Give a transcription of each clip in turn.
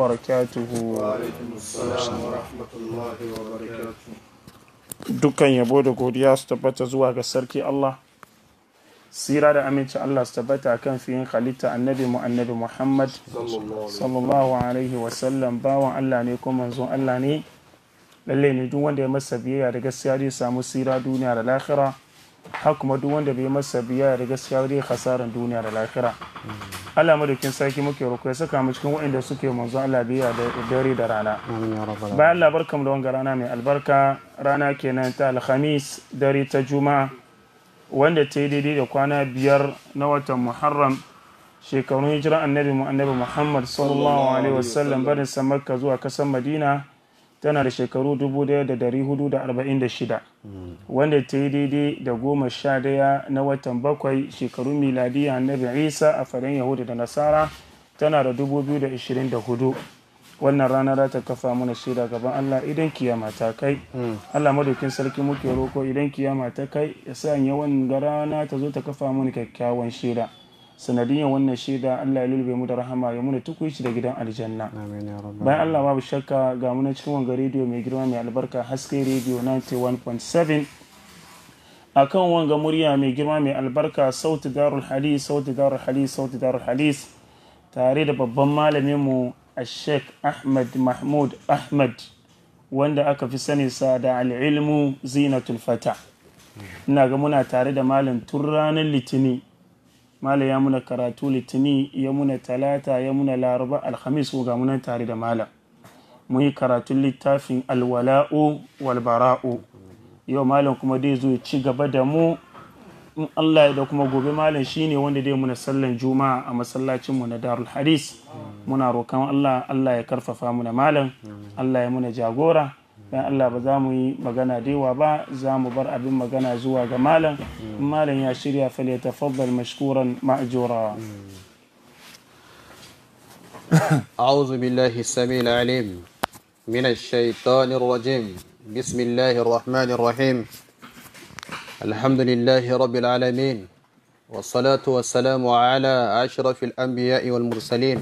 وبركاته dukkan yabo da godiya su tabbata zuwa ga sarki Allah sira da aminci Allah su tabbata kan fiyin halitta annabi mu annabi Muhammad sallallahu alaihi wasallam bawan Allah ne kuma manzon Allah ne lalle ne duk wanda ya masa biyayya da gaskiya zai samu sira duniya da lahira Ha kuma duk wanda bai masa biya da gaskiya zai hasaran duniya da lafira Allah madaukin sarki muke roƙo ya saka mu cikin waɗanda suke manzo Allah biya da dare da rana bayan Allah barkamu da wannan rana mai albarka rana kenan ta alhamis dare ta juma'a wanda ta yi daidai da kwana biyar na watan muharram shekarun hijira annabi mu annabi muhammad sallallahu alaihi wasallam barin samarka zuwa kasan madina tana da shekaru 1446 wanda ta yi daidai da goma sha daya na watan bakwai shekaru miladiya na isa a faɗin yahudu da nasara tana da 2024 wannan rana za ta kafa mana shida gaban allah idan kiyama ta kai hmm. allah madaukin sarki muke roko idan kiyama ta kai ya sa yawan rana ta zo ta kafa mana kyakkyawan shida sanadiyan wannan shaida Allah ya lulube mu da rahama ya muna shi da gidan aljanna bayan Allah babu shakka ga muna cikin wanga rediyo mai girma mai albarka haske rediyo 91.7 akan wanga murya mai girma mai albarka sauti darul hadis sauti darul hadis sauti darul hadis tare da babban malamin mu Sheikh Ahmad Mahmud Ahmad wanda aka fi sani sa da al'ilmu zinatul fata ina ga muna tare da malam tun ranar litini malam ya muna karatu litini ya muna talata ya muna laraba alhamis ko ga munan tare da malam mun yi karatun littafin alwala'u walbara'u yau malam kuma dai zo ci gaba da mu in Allah da kuma gobe malam shine wanda dai muna sallan juma'a a masallacin mu na Darul Hadis muna roƙon Allah Allah ya karfafa muna malam Allah ya muna jagora dan Allah ba za mu yi magana da yawa ba za mu bar abin magana zuwa ga malam malam ya shirya fale tafaddal mashkuran ma'jura a'udhu billahi samil alim من الشيطان الرجيم بسم الله الرحمن الرحيم الحمد لله رب والصلاة والسلام على أشرف الأنبياء والمرسلين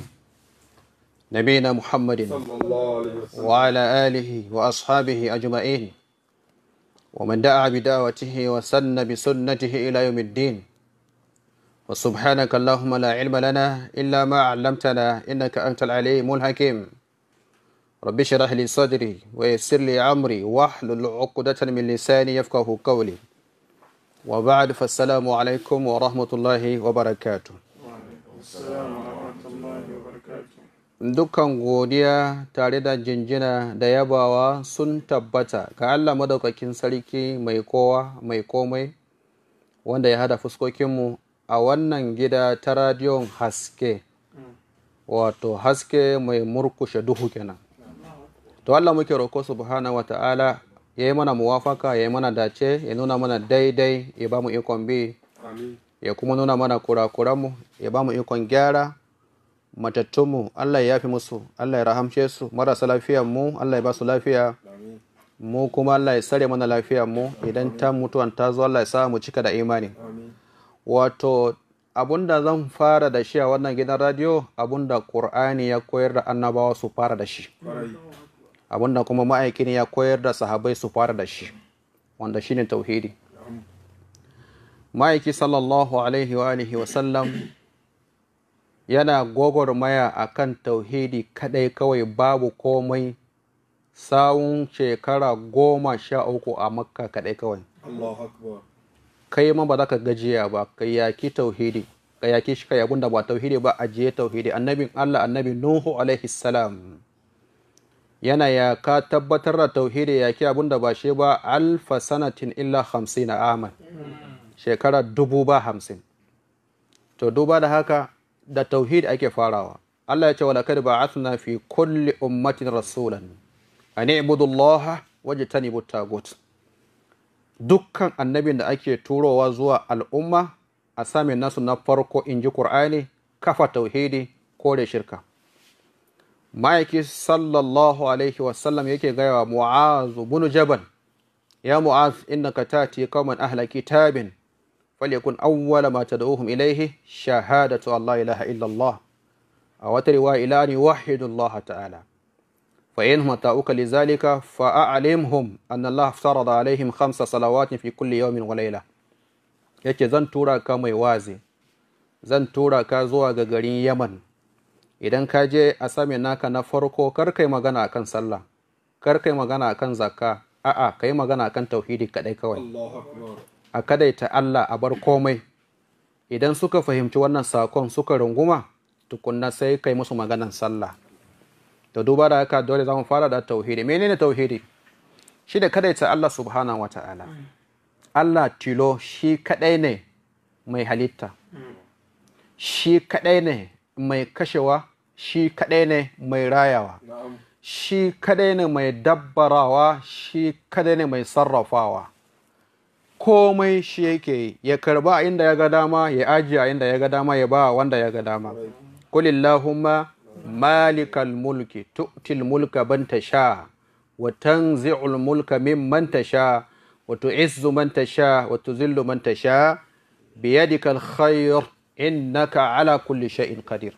نبينا محمد وعلى آله وأصحابه أجمعين ومن دعا بدعوته وسن بسنته إلى يوم الدين وسبحانك اللهم لا علم لنا إلا ما علمتنا إنك أنت العليم الحكيم رب اشرح لي صدري ويسر لي عمري واحلل عقدة من لساني يفقه قولي وبعد فالسلام عليكم ورحمة الله وبركاته وعليكم السلام dukkan godiya tare da jinjina da yabawa sun tabbata ga Allah madaukakin sarki mai kowa mai komai wanda ya hada fuskokinmu a wannan gida ta radiyon haske wato haske mai murkushe duhu kenan to Allah muke roko subhanahu wata'ala ya yi mana muwafaka ya yi mana dace ya nuna mana daidai ya ba mu ikon bi ya kuma nuna mana kurakuranmu ya ba mu ikon gyara matattunmu Allah ya yafi musu Allah ya rahamce su marasa lafiyanmu mu Allah ya ba su lafiya mu kuma Allah ya sare mana lafiyar mu idan ta mutuwan ta zo Allah ya sa mu cika da imani wato abunda zan fara da shi a wannan gidan radio abunda Qur'ani ya koyar da annabawa su fara da shi abunda kuma ma'aikin ya koyar da sahabai su fara da shi wanda shine tauhidi ma'aiki sallallahu alaihi wa alihi wa sallam yana gwagwarmaya a kan tauhidi kaɗai kawai babu komai sawun shekara goma sha uku a makka kaɗai kawai kai ma ba za ka gajiya ba ka yaki tauhidi ka yaki shi ka da ba tauhidi ba ajiye tauhidi annabin allah annabi nuhu alaihi salam yana ya ka tabbatar da tauhidi yaki abun da ba shi ba alfa sanatin illa hamsin a amal hmm. shekara dubu ba hamsin to duba da haka da tauhid ake farawa Allah ya ce kad ba'athna fi kulli ummatin rasulan an ta wajtanibu tagut dukkan annabin da ake turowa zuwa al'umma a samin nasu na farko in ji Kur'ani kafa tauhidi ko da shirka ma'aiki sallallahu alaihi wasallam yake gaya wa mu'azu bunu jabal ya mu'az innaka tati kauman ahla kitabin falyakun awwala ma tad'uhum ilayhi shahadatu Allah ilaha illa Allah a wata riwaya ila ni wahidullah ta'ala fa in hum ta'uka lidhalika fa a'limhum anna Allah alaihim khamsa salawatin fi kulli yawmin wa layla yace zan tura ka mai waze. zan tura ka zuwa ga garin Yaman idan ka je a same naka na farko kar kai magana akan sallah kar kai magana akan Zaka, a'a kai magana akan tauhidi kadai kawai a kadaita Allah a bar komai idan suka fahimci wannan sakon suka runguma tukunna sai kai musu maganan sallah to duba da haka dole za mu fara da tauhidi menene tauhidi shi da kadaita Allah subhanahu wata'ala Allah tilo shi kadai ne mai halitta shi kadai ne mai kashewa shi kadai ne mai rayawa shi kadai ne mai dabbarawa shi kadai ne mai sarrafawa komai shi yake ya karba inda ya ga dama ya ajiya inda ya ga dama ya ba wanda ya ga dama kulillahumma malikal mulki tu'til mulka ban tasha wa tanzi'ul mulka mimman tasha wa tu'izzu man tasha wa tuzillu man tasha biyadikal na innaka ala kulli shay'in qadir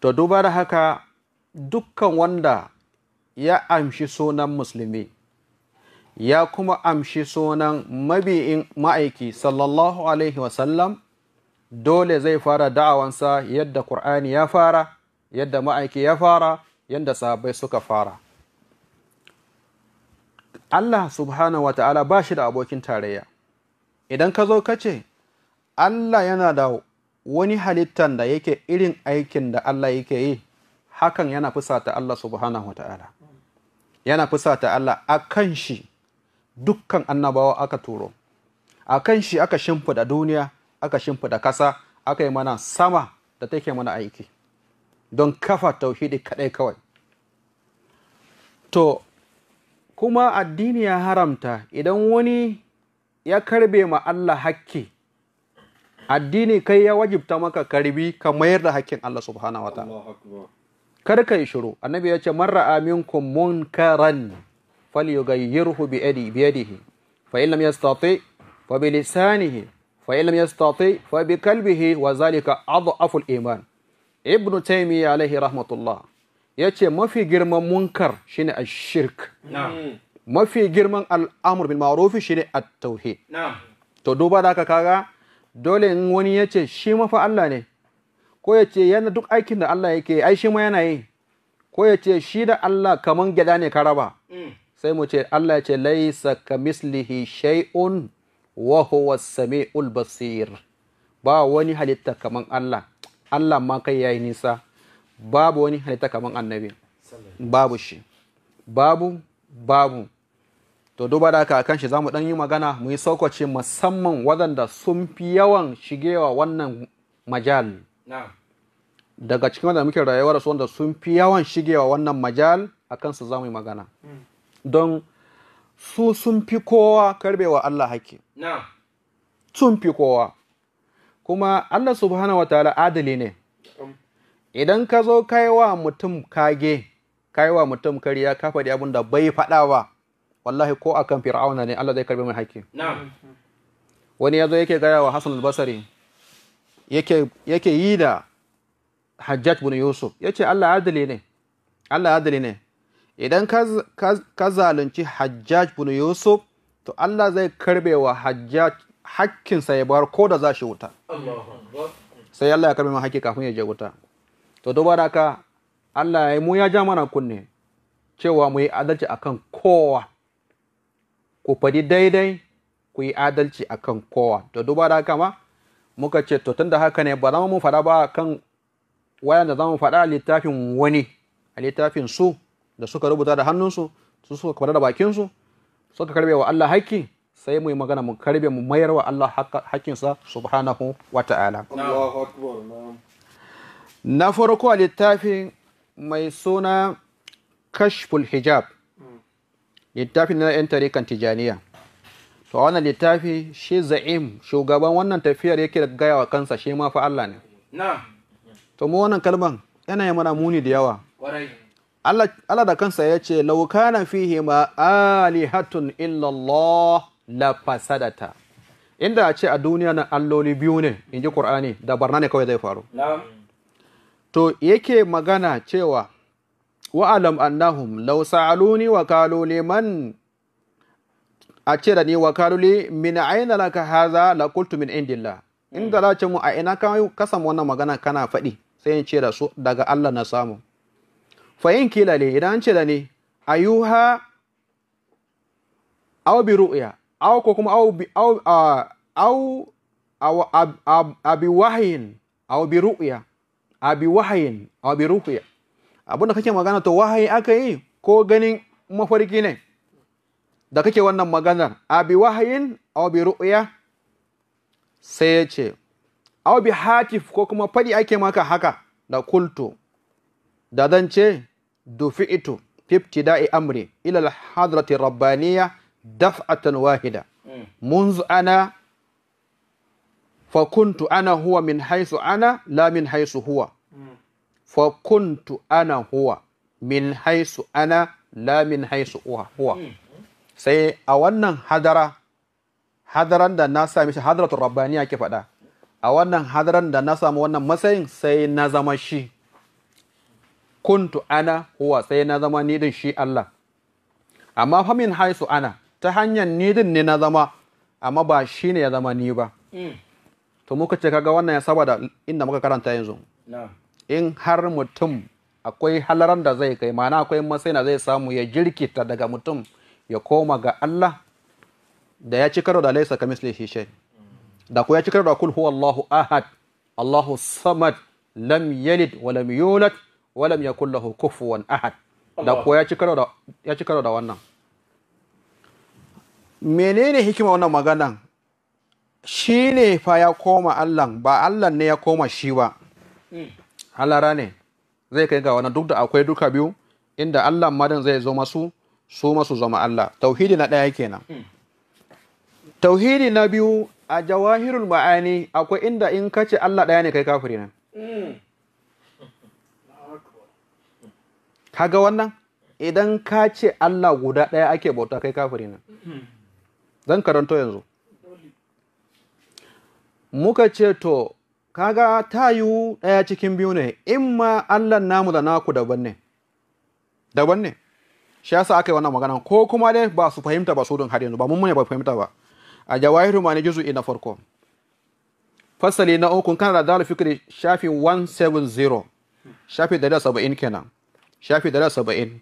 to duba da haka dukkan wanda ya amshi sunan musulmi ya kuma amshi sunan mabi'in ma'aiki sallallahu alaihi wasallam dole zai fara da'awansa yadda ƙur'ani ya fara yadda ma'aiki ya fara yadda sahabbai suka fara Allah subhanahu wata'ala ba shi da abokin tarayya idan ka zo ka ce Allah yana da wani halittan da yake irin aikin da Allah yake yi hakan yana fusata Allah subhanahu wata'ala yana fusata Allah a kan shi dukkan annabawa aka turo a kan shi aka shimfiɗa duniya aka shimfiɗa ƙasa aka yi mana sama da take mana aiki don kafa tauhidi kaɗai kawai to kuma addini ya haramta idan wani ya karbe ma Allah hakki addini kai ya wajibta maka karbi ka mayar da hakkin Allah subhanahu wa ta'ala kar ka yi shiru annabi ya ce marra aminkum munkaran فليغيره بيده بيده فإن لم يستطع فبلسانه فإن لم يستطع فبقلبه aful iman. الإيمان ابن ya عليه rahmatullah. Ya yace mafi girman munkar a ashirk mafi girman al'amur bil shi ne a tauhi. to duba da kaga dole in wani yace shi mafa Allah ne ko ce yana duk aikin da Allah yake ai shi ma yana yi ko yace shi da Allah kaman gyada ne ka raba sai mu ce Allah ya ce laisa kamislihi shay'un wa huwa samiul basir ba wani halitta kaman Allah Allah ma kai yayi nisa babu wani halitta kaman annabi babu shi babu babu to duba da haka kan shi zamu dan yi magana mu yi saukace musamman wadanda sun fi yawan shigewa wannan majal daga cikin wanda muke rayuwar su wanda sun fi yawan shigewa wannan majal akan su zamu yi magana hmm. don su sun fi kowa karbewa Allah haƙƙi sun fi kowa kuma Allah subhanahu wa ta'ala adali ne idan ka zo kaiwa mutum kage kaiwa mutum kariya ka faɗi abin da bai faɗa ba wallahi ko akan fir'auna ne Allah zai karbi mai haƙƙi wani ya zo yake gaya wa Hassan al-Basri yake yi da Hajjaj bin Yusuf yace Allah adali ne Allah adali ne idan ka zalunci hajjaj bin yusuf to Allah zai karbe wa hajjaj hakkinsa ya bar ko da za shi wuta sai Allah ya karbe ma hakki kafin ya je wuta to duba da Allah ya mu ya ja mana kunne cewa mu yi adalci akan kowa ku fadi daidai ku yi adalci akan kowa to duba da ma muka ce to tunda haka ne ba za mu fada ba kan wayan da za mu fada littafin wani a littafin su da suka rubuta da hannunsu su suka kwada da bakinsu suka karbe wa Allah haƙƙi sai mu yi magana mu karbe mu mayar wa Allah haƙƙinsa subhanahu wa ta'ala na farko a littafin mai suna kashful hijab mm. littafin na 'yan tarikan tijaniya to a wannan littafi shi za'im shugaban wannan tafiyar yake gaya wa kansa shi ma fa Allah ne to mu wannan kalman yana yi mana muni da yawa Allah da kansa ya ce laukana fihi ma alihatun illallah la fasadata inda a ce a duniya na alloli biyu ne in ji ƙur'ani da barna ne kawai zai faru to yake magana cewa wa'alam annahum law sa'aluni wa qalu man a ce da ni wa qalu min aina laka haza la kultu min indillah inda za ce mu a ina ka samu wannan magana kana faɗi sai in ce da su daga Allah na samu fayin kila ne idan an ce da ne ayuha aw bi ru'ya aw ko kuma aw bi aw aw abi wahayin aw bi ru'ya abi wahayin aw bi ru'ya abin da kake magana to wahayi aka yi ko ganin mafarki ne da kake wannan maganar abi wahayin aw bi ru'ya sai ya ce aw bi hatif ko kuma fadi ake maka haka da kultu da zan ce dufi'itu fi ibtida'i amri ila al-hadrati rabbaniyya daf'atan wahida منذ hmm. ana... Fakuntu ana huwa, min haisu ana, la min haisu huwa. Hmm. Fakuntu ana huwa, min haisu ana, la min haisu huwa. Hmm. sai a wannan hadara hadaran da na sami shi hadaratul rabbaniya ke faɗa a wannan hadaran da na samu wannan matsayin sai na zama shi kuntu ana huwa sai na zama ni din shi Allah amma fa min haisu ana ta hanyar ni din ne na zama amma ba shi ne ya zama ni ba hmm. to muka ce kaga wannan ya saboda inda muka karanta yanzu in har mutum akwai halaran da zai kai mana akwai matsayin zai samu ya jirkita daga mutum ya koma ga Allah da ya ci karo da laisa kamislihi shay da ku ya ci karo da kul huwallahu ahad Allahu samad lam yalid wa lam yulad walam ya hukufu kufuwan ahad da kuwa ya ci karo da wannan menene hikima wannan maganan shi ne fa ya koma Allah ba Allah ne ya koma shi ba hmm. halara ne zai kai ga wannan duk da akwai duka biyu inda Allah madan zai zo masu su masu zama Allah tauhidi na ɗaya kenan hmm. tauhidi na biyu a jawahirul ma'ani akwai inda in kace Allah ɗaya ne kai kafiri ne hmm. kaga wannan idan ka ce Allah guda ɗaya ake bauta kai kafiri ne zan karanto yanzu muka ce to kaga tayu ɗaya cikin biyu ne in ma Allah namu da naku daban ne daban ne shi yasa aka yi wannan magana ko kuma dai ba su fahimta ba su don har yanzu ba mun mune ba fahimta ba a jawahiru ma ne juzu na farko fasali na uku kana da dalil fikri shafi 170 shafi 170 kenan shafi dala saba'in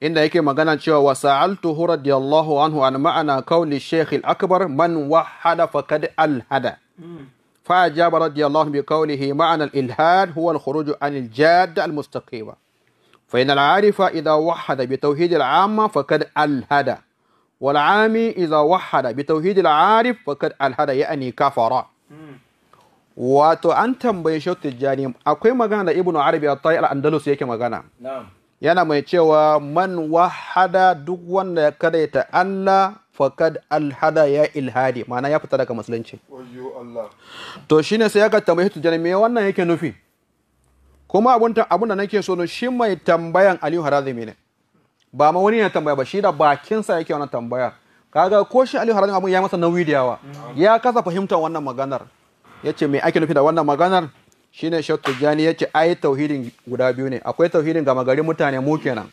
inda yake magana cewa wa sa'altuhu radiyallahu anhu an ma'ana kauli shaykh akbar man wahada fakad alhada fa ajaba radiyallahu bi kaulihi ma'ana al-ilhad huwa al-khuruj an al-jadd al-mustaqima fa in al-arif idha wahada bi tawhid al-amma faqad alhada والعامي إذا وحد بتوحيد العارف فقد alhada yani kafara hmm. wato an tambaye Shehu Tijjani akwai magana da ibnu Arabi a tayi al-Andalus yake magana yana mai cewa man wahada duk wanda ya karaita Allah fakad alhada ya ilhadi ma'ana ya fita daga musulunci to shine sai aka tambaye Tijjani me wannan yake nufi kuma abun da nake so shi mai tambayan Aliyu Harazimi ne ba ma wani ya tambaya ba shi da bakinsa yake wannan tambaya kaga ko shi Aliyu Harazimi abun ya masa nauyi da yawa ya kasa fahimtar wannan maganar Ya ce me ake nufi da wannan maganar shine shattu ya ce ai tauhidin guda biyu ne akwai tauhidin gama gari mutane mu kenan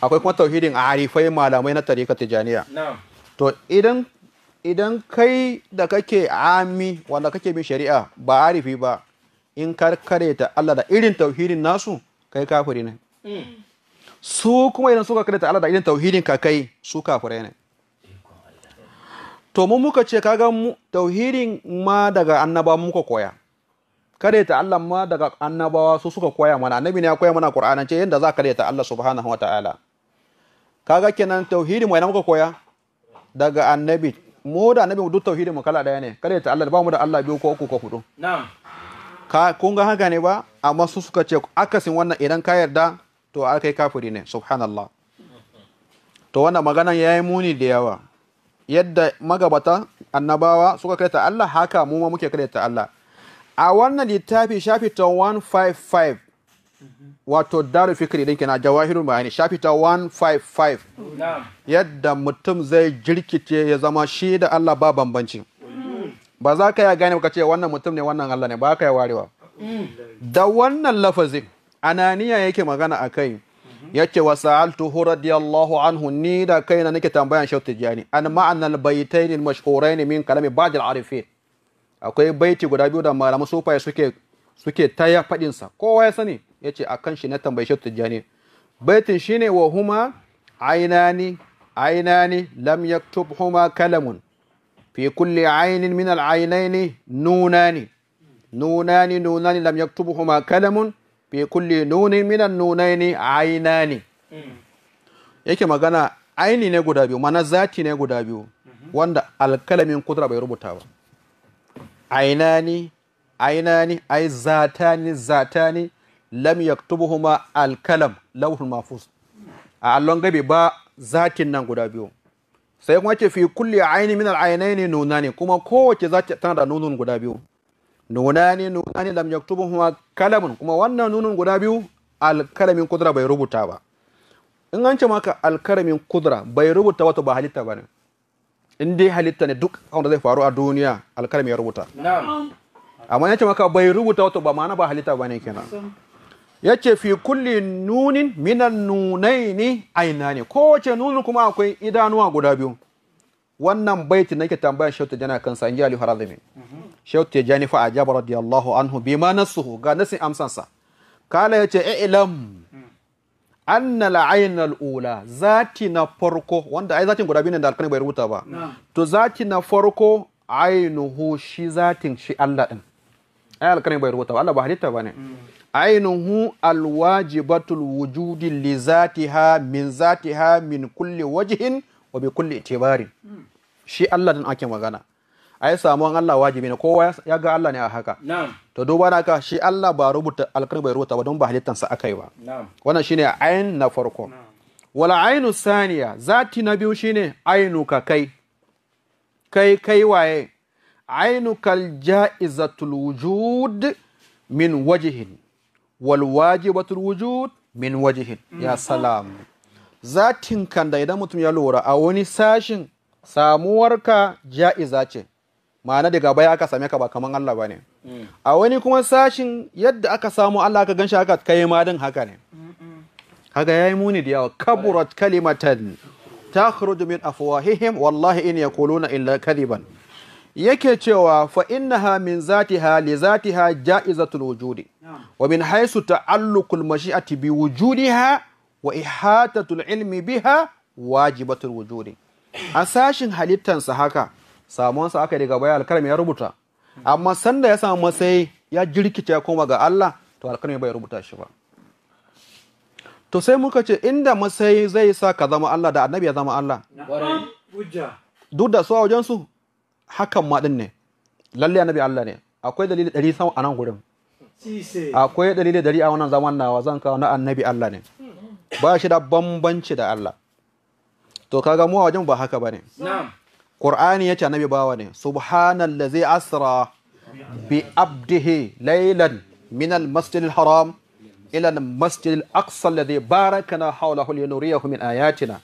akwai kuma tauhidin a harifai malamai na tariqa tijaniya to idan kai da kake ami wanda kake bin shari'a ba arifi ba in karkare ta Allah da irin tauhidin nasu kai kafiri ne mm. su kuma idan suka ta Allah da irin tauhidin ka kai su kafirai ne to mu muka ce kaga mu ma daga annaba muka koya kare ta Allah ma daga annabawa su suka koya mana annabi ne ya koya mana ce yanda za kare ta Allah subhanahu wa ta'ala kaga kenan tauhidi mai muka koya daga annabi mu da annabi duk tauhidi mu kala daya ne kare ta Allah ba mu da Allah biyu ko uku ko hudu na'am ka kun ga haka ne ba amma su suka ce akasin wannan idan ka yarda to akai kafiri ne subhanallah to wannan maganan yayi muni da yawa yadda magabata annabawa suka ta Allah haka mu ma muke ta Allah a wannan littafi shafi ta 155 wato daru fikri din kina jawahirul bayani shafi ta 155 yadda mutum zai jirkice ya zama shi da Allah ba bambanci ba za ka ya gane ka ce wannan mutum ne wannan Allah ne ba ka ya warewa mm. da wannan lafazin ananiya yake magana a kai Mm-hmm. yace wa saaltu hu radiyallahu anhu ni da kaina nake tambayan Sheikh Tijani an ma'ana al-baytain al-mashhurain min kalami ba'd al-arifin akwai baiti guda biyu da malaman sufaye suke suke taya fadin sa kowa ya sani yace akan shi na tambayi Sheikh Tijani baitin shine wa huma ainani ainani lam huma kalamun fi kulli ainin min al-ainaini nunani nunani nunani lam huma kalamun fi kulli nunin minan nunaini aina ne yake magana aini ne guda biyu mana zati ne guda biyu wanda alkalamin kudura bai rubuta ba aina ne aina ne ai zata ne zata ne lam yaktubuhuma alkalam lauhul mafus a allon gabi ba zatin nan guda biyu sai kuma ce fi kulli aini min al-ainaini nunani kuma kowace zati tana da nunun guda biyu nuna ne nuna ne lam kuma kalamin kuma wannan nunin guda biyu alkalamin kudura bai rubuta ba in an ce maka alkalamin kudura bai rubuta wato ba halitta ba ne in dai halitta ne duk da zai faru a duniya alkalami ya rubuta amma ya ce maka bai rubuta wato ba ma'ana ba halitta ba ne kenan ya ce fi kulli nunin minan nunai ne aina ne kowace nunin kuma akwai idanuwa guda biyu wannan baiti nake tambayan shautu jana kan sa inji alihu harazimi shautu ya jani fa ajaba radiyallahu anhu bima nasuhu ga nasin amsansa kala ya ce e, ilam anna al-ayn ula zati na farko wanda ai zatin guda biyu ne da alkanin bai rubuta ba to zati na farko ainihu shi zatin shi Allah din ai alkanin bai rubuta ba Allah ba halitta bane mm. ainuhu alwajibatul wujudi li zatiha min zatiha min kulli wajhin wa bi kulli itibarin mm. shi Allah din ake magana ai samuwan Allah wajibi ne kowa ya ga Allah ne a haka Ta duba na ka shi Allah ba rubuta alkar bai rubuta ba don ba halittansa akai ba wannan shine ayin na farko wala ainu saniya zati na biyu shine ainu ka kai kai kai waye ainu kal ja'izatul wujud min wajihin wal wajibatul wujud min wajihin ya mm. salam zatin kan da idan mutum ya lura a wani sashin samuwarka ja'iza ce ma'ana daga baya aka same ka ba kamar Allah ba ne a wani kuma sashin yadda aka samu Allah aka ganshi aka kai ma din haka ne kaga yayi muni da yawa kaburat kalimatan takhruju min afwahihim wallahi in yaquluna illa kadiban yake cewa fa innaha min zatiha li zatiha ja'izatul wujudi wa min haythu ta'alluqul mashi'ati bi wujudiha wa ihatatul ilmi biha wajibatul wujudi a sashin halittansa haka samuwansa aka daga baya alkalami ya rubuta amma sanda ya samu matsayi ya jirkice ya koma ga Allah to alkalami bai rubuta shi ba to sai muka ce inda matsayi zai sa ka zama Allah da annabi ya zama Allah duk da su a wajensu hakan ma din ne lalle annabi Allah ne akwai dalili ɗari sama a nan gurin akwai dalili ɗari a wannan zaman nawa zan kawo na annabi Allah ne ba shi da bambanci da Allah to kaga mu wajen ba haka bane qur'ani yace annabi bawa ne subhanallazi asra bi abdihi laylan min al-masjid al-haram ila al-masjid al-aqsa alladhi barakana hawlahu linuriyahu min ayatina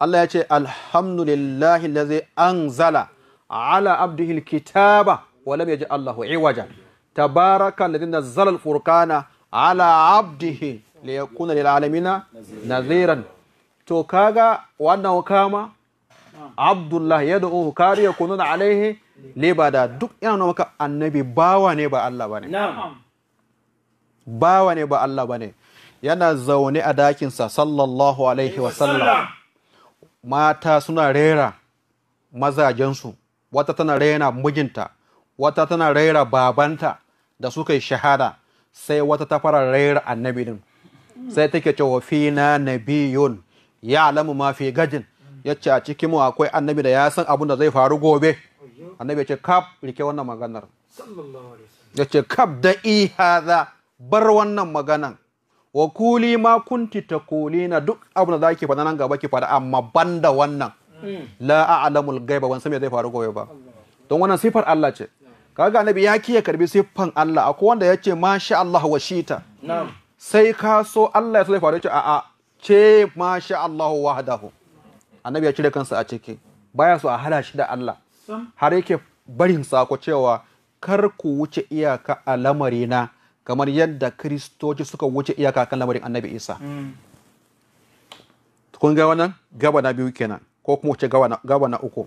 Allah yace alhamdulillahi allazi anzala ala abdihi al-kitaba wa lam yaj'al allahu iwaja tabaraka alladhi nazzala al-furqana ala abdihi liyakuna lil alamina nadhiran to kaga wannan hukama abdullah ya da uhu alaihe. kununa alaihi da duk yana maka annabi bawa ne ba Allah ba ne bawa ne ba Allah ba ne. yana zaune a dakinsa sallallahu alaihi wasallam mata suna rera mazajensu wata tana rera mijinta wata tana rera babanta da suka yi shahada sai wata ta fara rera annabi din sai take cewa fina nabiyun ya alamu ma gajin ya ce a cikin mu akwai annabi da ya san abin da zai faru gobe annabi ya ce kaf rike wannan maganar ya ce kaf da ihaza bar wannan maganan wa kuli ma kunti ta kuli na duk abin da zaki faɗa nan gaba ki faɗa amma banda wannan hmm. la a'lamul gaiba ban san me zai faru gobe ba don wannan sifar Allah ce kaga annabi ya kiyaye karbi siffan Allah akwai wanda ya ce masha Allah wa shita sai ka so Allah ya so zai faru ce a'a ce masha Allahu wahdahu annabi ya cire kansa a ciki baya so a hala shi da Allah har yake barin sako cewa kar ku wuce iyaka a lamari na kamar yadda kristoci suka wuce iyaka kan lamarin annabi isa mm. kun ga wannan gaba na biyu kenan ko kuma wuce gaba na uku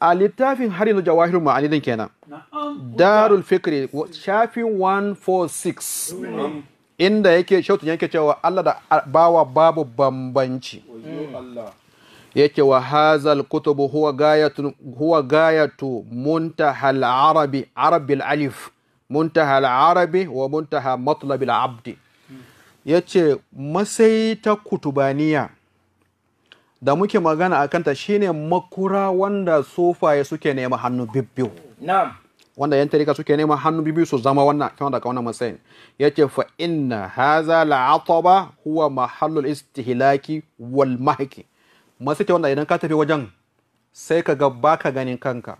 a littafin har yanzu jawahirul ma'ani kenan darul fikri shafin 146 inda yake shautun yake cewa Allah da bawa babu bambanci yake wa hazal kutubu huwa gayatu huwa gayatu muntaha al-arabi arabi al-alif muntaha al-arabi wa muntaha matlab al-abdi yace masai ta kutubaniya da muke magana akan ta shine makura wanda sofaye suke nema hannu bibbiyu na'am wanda yan tarika suke nema hannu bibi su zama wannan kan daga wannan matsayin yace fa inna hadha la'ataba huwa mahallul istihlaki wal mahki masike wanda idan ka tafi wajen sai ka ga baka ganin kanka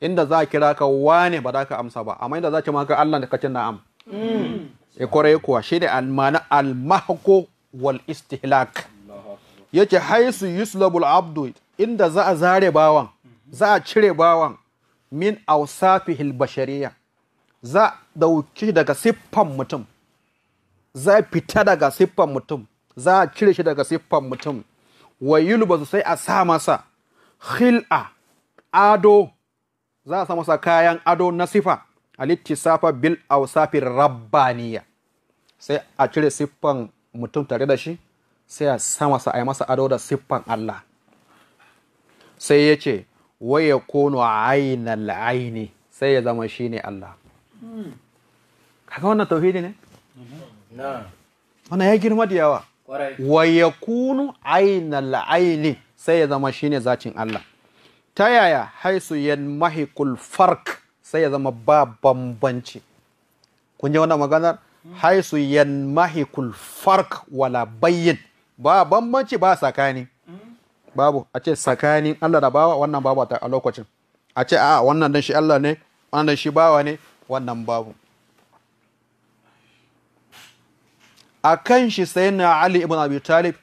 inda za a kira ka wane ba za ka amsa ba amma inda za ce maka Allah da kacin na'am mm. e eh, kore kuwa shi ne almana almahko wal istihlak yace haisu yuslabul abdu inda za a zare bawan za a cire bawan min ausafihil bashariya za dauki daga siffan mutum za fita daga siffan mutum za a cire shi daga siffan mutum wa yulbasu sai a sa masa hil’a ado za a sa masa kayan ado na sifa alittisafa bil ausafir rabbaniya sai a cire siffan mutum tare da shi sai a sa masa a yi masa ado da siffan Allah sai ya ce waya kono ainal aini sai ya zama shi ne Allah kaga wannan tauhidi ne wannan ya girma da yawa Waya kono kunu ainal sai ya zama shi ne zacin Allah ta yaya haisu yan mahikul fark sai ya zama ba bambanci kun ji wannan maganar haisu yan mahikul fark wala bayyin ba bambanci ba sakani babu a ce tsakanin Allah da bawa wannan babu a lokacin a ce a wannan dan shi Allah ne wannan shi bawa ne wannan babu a kan shi sai na Ali ibn Abi Talib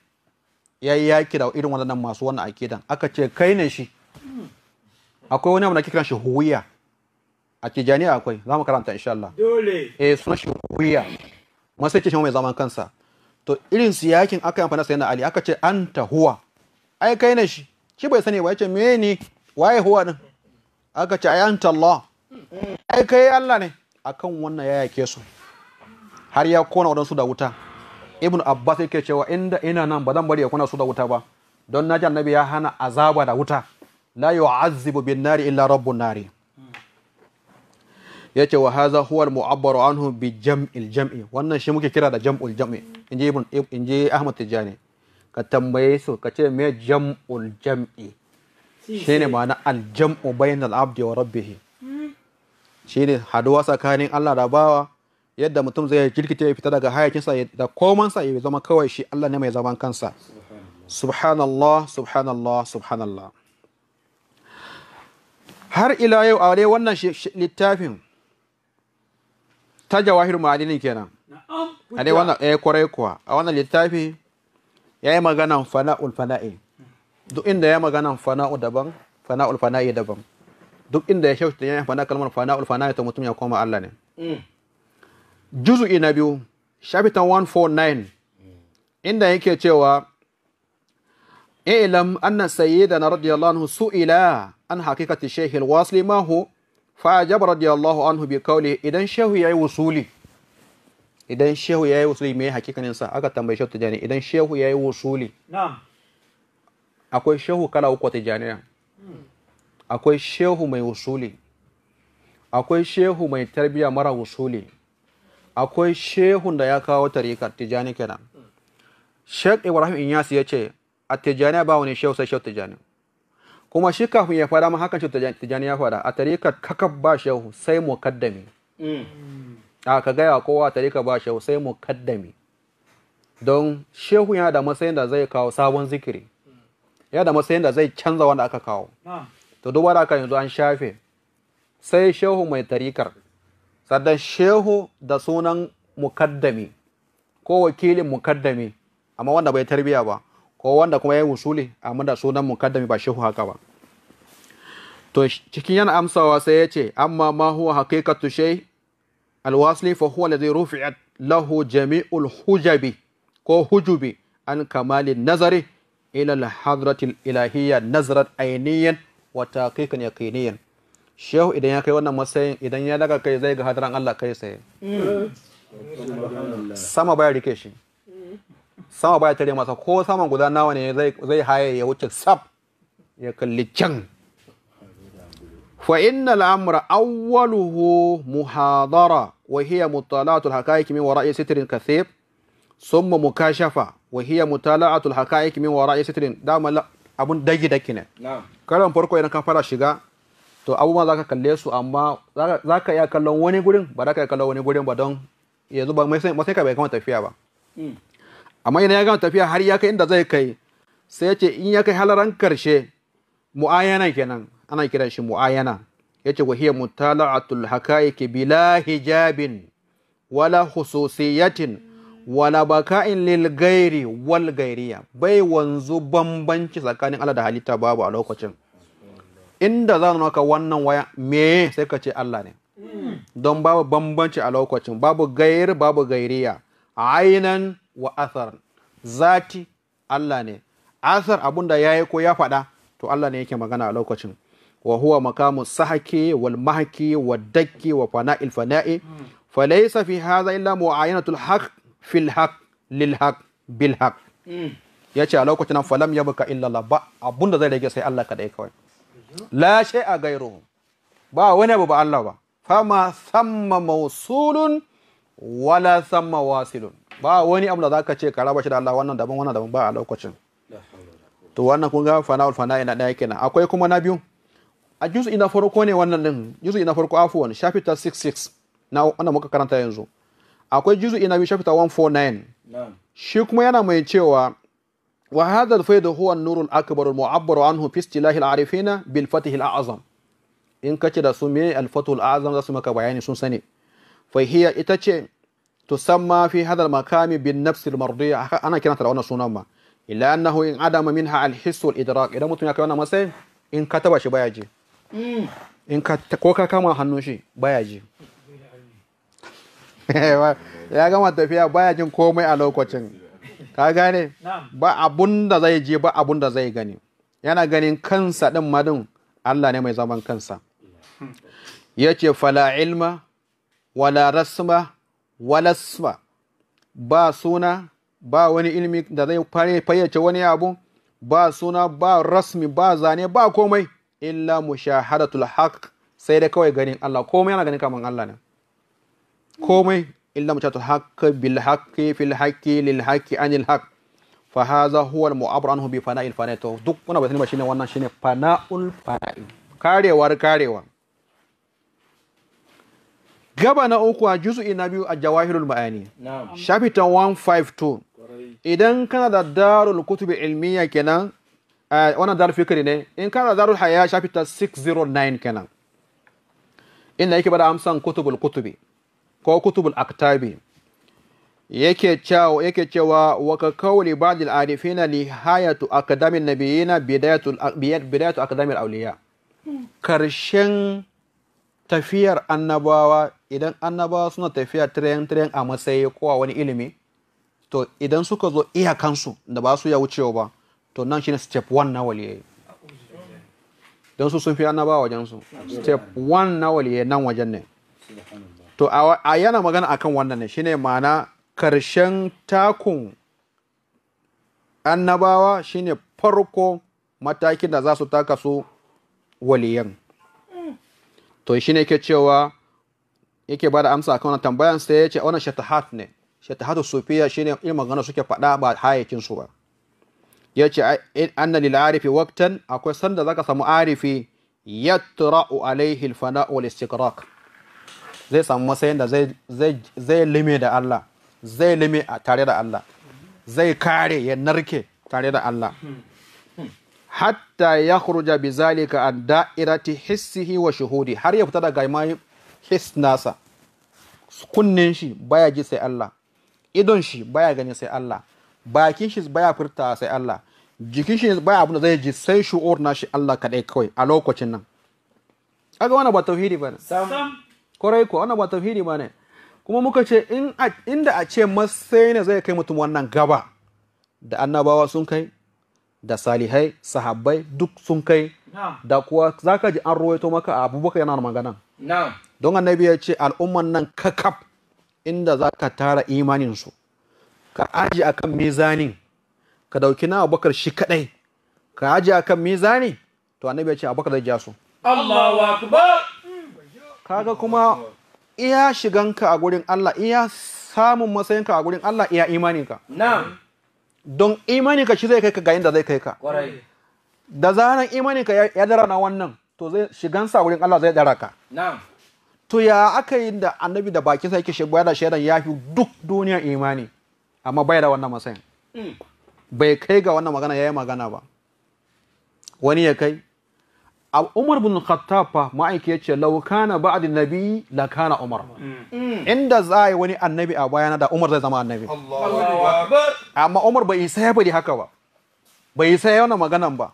ya yi yaki da irin wannan masu wannan akidan aka ce kai ne shi akwai wani abu da kiran shi huwiya a tijani akwai za mu karanta insha Allah dole eh suna shi huwiya masai ce shi mai zaman kansa to irin su yakin aka yi amfani sai na Ali aka ce anta huwa ai kai ne shi shi bai sani ba yace me ni waye huwa din aka ce ayanta Allah ai kai Allah ne akan wannan ya yake su har ya kona wadansu da wuta ibn abbas yake cewa inda ina nan ba zan bari ya kona su da wuta ba don naji annabi ya hana azaba da wuta la yu'azzibu bin nari illa rabbun nari yace wa hadha huwa al mu'abbaru anhu bi jam'il jam'i wannan shi muke kira da jam'ul jam'i inji ibn inji ahmad tijani ka tambaye su ka ce me jam'ul jam'i Shi ne ma'ana aljam'u bayan abdi wa rabbihi ne haduwa tsakanin Allah da bawa yadda mutum zai jirkita ya fita daga hayakinsa da komansa ya zama kawai shi Allah ne mai zaman kansa subhanallah subhanallah subhanallah har ila yau a wannan littafin ta jawahir ma'adini kenan a wannan eh, kuwa a wannan littafi ya yi maganan fana'ul fana'i duk inda ya maganan fana'u daban fana'ul fana'i daban duk inda ya shaushe ya yi fana kalmar fana'ul fana'i ta mutum ya koma Allah ne mm. juzu'i na biyu shafitan 149 inda yake cewa ilam اعلم أن سيدنا رضي الله عنه سئل عن shehil الشيخ الواصل fa هو radiyallahu anhu bi عنه idan shehu ya yi وصولي idan shehu ya yi wasuli mai hakikanin sa aka tambaye shehu tijani idan shehu ya yi wasuli akwai shehu kala uku tijaniya akwai shehu mai wasuli akwai shehu mai tarbiya mara wasuli akwai shehun da ya kawo tarikar tijani kenan shek Ibrahim Inyasi ya ce a tijaniya ba wani shehu sai shehu tijani kuma shi kafin ya fada ma hakan shehu tijani ya fada a tarikar kakab ba shehu sai mukaddami mm. a ka gaya kowa tarika ba shehu sai mu kaddami don shehu yana da matsayin da zai kawo sabon zikiri yana da matsayin da zai canza wanda aka kawo to duba da aka yanzu an shafe sai shehu mai tarikar sadan shehu da sunan mukaddami ko wakilin mukaddami amma wanda bai tarbiya ba ko wanda kuma ya yi wusuli amma da sunan mukaddami ba shehu haka ba to cikin yana amsawa sai ya ce amma ma huwa haqiqatu shehu alwasli fa huwa alladhi rufi'at lahu jami'ul hujabi ko hujubi an kamali nazari ila al-hadratil ilahiyya nazarat ainiyan wa taqiqan yaqiniyan shehu idan ya kai wannan matsayin idan ya daga kai zai ga hadaran Allah kai sai sama baya rike shi sama baya tare masa ko sama guda nawa ne zai haye ya wuce sab ya kalli can fa inna al'amra awwaluhu muhadara وهي مطالعة الحقائق من وراء ستر كثير ثم مكاشفة وهي مطالعة الحقائق من وراء ستر دام abun dagi daki ne karan farko idan ka fara shiga to abubuwa za ka kalle su amma za ka iya kallon wani gurin ba za ka iya kallon wani gurin ba don yanzu ba mai sai ka bai gama tafiya ba amma idan ya gama tafiya har ya kai inda zai kai sai ya ce in ya kai halaran karshe mu'ayana kenan ana kiran shi mu'ayana yace wa hiya mutala'atul haqaiqi bila hijabin wala hususiyatin wala baka'in lil gairi wal gairiya bai wanzu bambanci tsakanin Allah da halitta babu a lokacin inda za ka wannan waya me sai ka ce Allah ne don babu bambanci a lokacin babu gair babu gairiya ainan wa athar zati Allah ne asar ya yayi ko ya faɗa to Allah ne yake magana a lokacin Wahuwa huwa makamu sahaki wal mahaki wa dakki wa fana'il fana'i falaysa illa mu'ayanatul haqq fil haqq lil haqq bil haqq yace a lokacin falam yabka illa Allah abunda zai rage sai Allah kadai kawai la a gairo. ba wani abu ba Allah ba fama thamma mawsulun wala thamma wasilun ba wani abu da zaka ce ka raba shi da Allah wannan a lokacin to wannan kun ga fana'ul fana'i na daya kenan akwai kuma na biyu a juz'i na farko ne wannan din juz'i na farko afuwan shafi 66 na wannan muka karanta yanzu akwai juz'i na biyu shafi ta 149 shi kuma yana mai cewa wa hadha al-fayd huwa an-nur akbar al-mu'abbar anhu fi istilah al-arifina bil fath al-a'zam in kace da su me al-fath al-a'zam za su maka bayani sun sani fa hiya ita ce tusamma fi hadha al-makami bin nafs al-mardiyya ana kiranta da wannan sunan ma illa annahu in adama minha al-hiss wal-idrak idan mutum ya kai wannan matsayin in ka taba shi baya je in ka ko ka kama hannun shi baya ji ya gama tafiya baya jin komai a lokacin ka gane ba abun da zai je ba abun da zai gani yana ganin kansa din madin Allah ne mai zaman kansa ya ce fala ilma wala rasma wala sma ba suna ba wani ilmi da zai fayyace wani abu ba suna ba rasmi ba zane ba komai illa mushahadatul haq sai dai kawai ganin Allah komai yana ganin kaman Allah ne komai illa mushahadatul haq bil haqqi fil haqqi lil haqqi anil haq fa hadha huwa al mu'abbar anhu bi fana'il fana'i to duk wannan batun ba shine wannan shine fana'ul fana'i karewar karewa gaba na uku a juzu'i na biyu a jawahirul ma'ani shafitan 152 idan kana da darul kutubi ilmiya kenan Eh, wannan zaru fikiri ne in kana zaru haya shafi ta 609 kenan inda yake bada amsan kutubul kutubi ko kutubul aktabi yake cewa yake cewa wa ka kauli ba'dil alifina arifina li hayatu akadamin nabiyina bidayatu bidayatu akadamil awliya karshen tafiyar annabawa idan annabawa suna tafiya tren tren a matsayi ko wani ilimi to idan suka zo iyakansu da ba su ya wucewa ba to nan shine step 1 na waliyai don su sun fi annabawa wajen su step 1 na waliyai nan wajen ne to a yana magana akan wannan ne shine ma'ana karshen takun annabawa shine farko matakin da za su taka su waliyan to shine ke cewa yake ba da amsa akan wannan tambayan sai ya ce wannan shatahat ne shatahatu sufiya shine ilmin magana suke faɗa ba hayakin su ba ya ce anna lil arifi waqtan akwai sanda zaka samu arifi yatra'u alaihi al-fana wal istiqraq zai samu matsayin da zai lime da Allah zai lime tare da Allah zai kare ya narke tare da Allah hatta ya khuruja bi zalika a da'irati hissihi wa shuhudi har ya fita daga mai his nasa kunnin shi baya ji sai Allah idon shi baya gani sai Allah bakin shi baya furta sai Allah jikin shi baya abin da zai ji sai shu'ur na shi Allah kadai kawai a lokacin nan aga wannan ba tauhidi bane sam korai ko wannan ba tauhidi bane kuma muka ce in inda a ce masai ne zai kai mutum wannan gaba da annabawa sun kai da salihai sahabbai duk sun kai da kuwa zaka ji an ruwaito maka abubakar yana magana don annabi ya ce al'umman nan kakaf inda zaka tara imaninsu su ka aji kan mizanin ka dauki na abubakar shi kadai ka aji kan mizanin, to annabi ya ce abubakar zai ja su Allahu akbar kaga kuma iya shiganka a gurin Allah iya samun matsayinka a gurin Allah iya imaninka na'am don imaninka shi zai kai ka ga inda zai kai ka da zaran imaninka ya dara na wannan to zai shigansa wurin Allah zai dara ka na'am to ya aka yi da annabi da bakin sa yake shaida da shaidan ya fi duk duniya imani amma bai da wannan matsayin hmm. bai kai ga wannan magana ya yi magana ba wani ya kai Umar bin khattafa ma'aiki ya ce laukana ba'adin ba'd nabi la kana Umar hmm. Hmm. inda za a yi wani annabi a bayana da Umar zai zama annabi amma Umar bai isa ya bari haka ba bai isa ya wannan maganan ba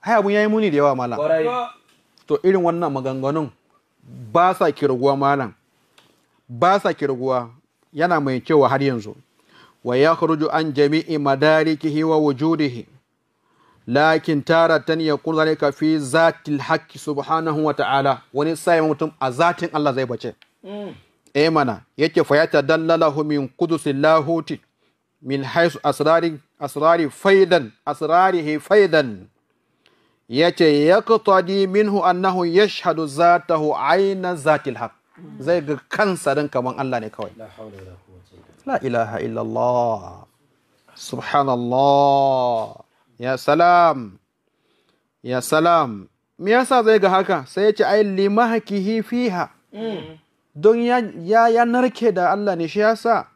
hai abun yi muni da yawa malam to irin wannan maganganun ba sa kirguwa malam ba sa kirguwa yana mai cewa har yanzu ويخرج عن جميع مداركه ووجوده lakin taratan ya kun zalika fi zatil haqqi subhanahu wa ta'ala wani sai mutum a zatin Allah zai bace mm. eh mana yake fa ya tadallalahu min qudusillah huti min haisu asrari asrari faidan asrarihi faidan yace yaqtadi minhu annahu yashhadu zatahu aina zatil haqq mm. zai ga kansa din kaman Allah ne kawai La ilaha illallah. Subhanallah. Ya salam. Ya salam. Me yasa zai ga haka? Sai ya ce ai limahakihi fiha. Mm. Don ya ya narke da Allah ne shi yasa.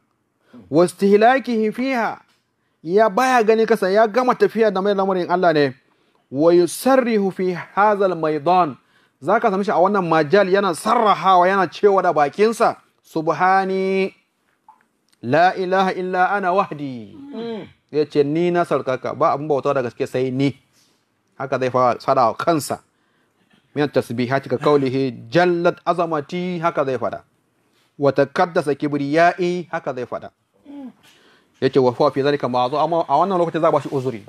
Wastihlakihi fiha. Ya baya gani kasa ya gama tafiya da mai lamarin Allah ne. Wa yusarrihu fi hazal maidan. Zaka sami shi a wannan majal yana sarrahawa yana cewa da bakinsa subhani la ilaha illa ana wahdi ya ce ni na sarkaka ba abin bauta da gaske sai ni haka zai fara wa kansa min tasbihati ka qawlihi jallat azamati haka zai fada Wata kaddasa kibriyai haka zai fada Ya ce, Wafuwa fi zalika ma'azu amma a wannan lokacin za ba shi uzuri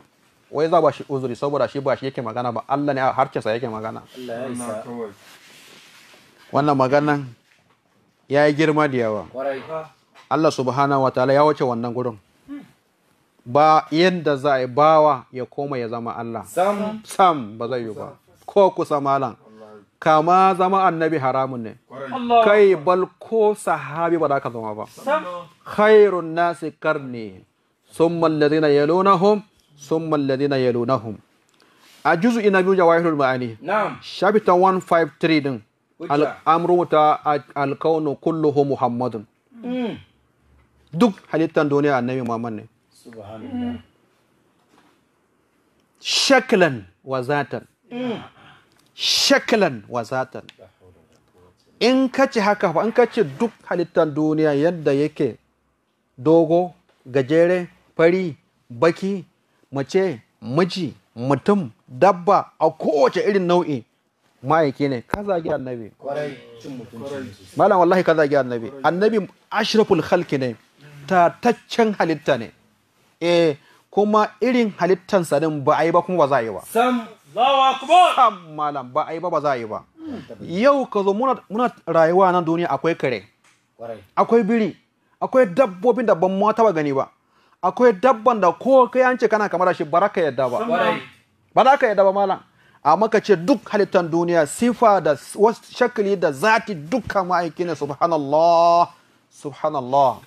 wai za ba shi uzuri saboda shi ba shi yake magana ba Allah ne a harkinsa yake magana wannan maganan ya yi girma da yawa Allah subhanahu wa ta'ala ya wuce wannan gurin ba yadda za a bawa ya koma ya zama Allah sam sam ba zai yi ba ko kusa malam kama zama annabi haramun ne kai bal ko sahabi ba za ka zama ba khairun nasi karni sun alladhina yalunahum yalunahum a juzu ina biyu jawahirul ma'ani Shabita 153 din al'amru ta alkaunu kulluhu muhammadun hmm. duk halittar duniya annabi Muhammad ne shaklan wa zatan shaklan wa zatan in ka ce haka ba in ka ce duk halittar duniya yadda yake dogo gajere fari baki mace miji mutum dabba a kowace irin nau'i ma'aiki ne ka zagi annabi malam wallahi ka zagi annabi annabi ashraful halki ne tataccen halitta ne e kuma irin halittansa din ba a yi ba kuma ba za a yi ba sam sam malam ba a yi ba ba za a yi ba yau ka zo muna rayuwa nan duniya akwai kare akwai biri akwai dabbobin da ban ma taba gani ba akwai dabban da ko kai an ce kana kamar shi ba ka yadda ba ba za ka yadda ba malam amma ka ce duk halittan duniya sifa da shakali da zati dukkan ma'aiki ne subhanallah subhanallah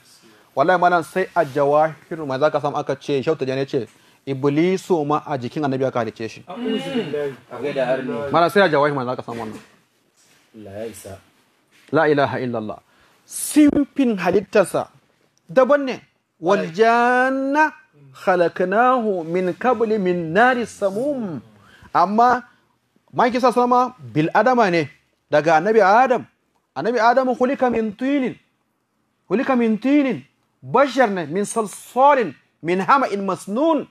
wallahi malam sai a jawahir mai zaka samu aka ce shauta jani ce iblisu ma a jikin annabi aka halice shi Mana sai a jawahir mai zaka samu wannan la ilaha illallah simfin halittarsa daban ne waljanna khalaqnahu min qabli min nari samum amma man kisa sama bil adama ne daga annabi adam annabi adam hulika min tinin hulika min tinin bashar ne min salsolin min hama in masnun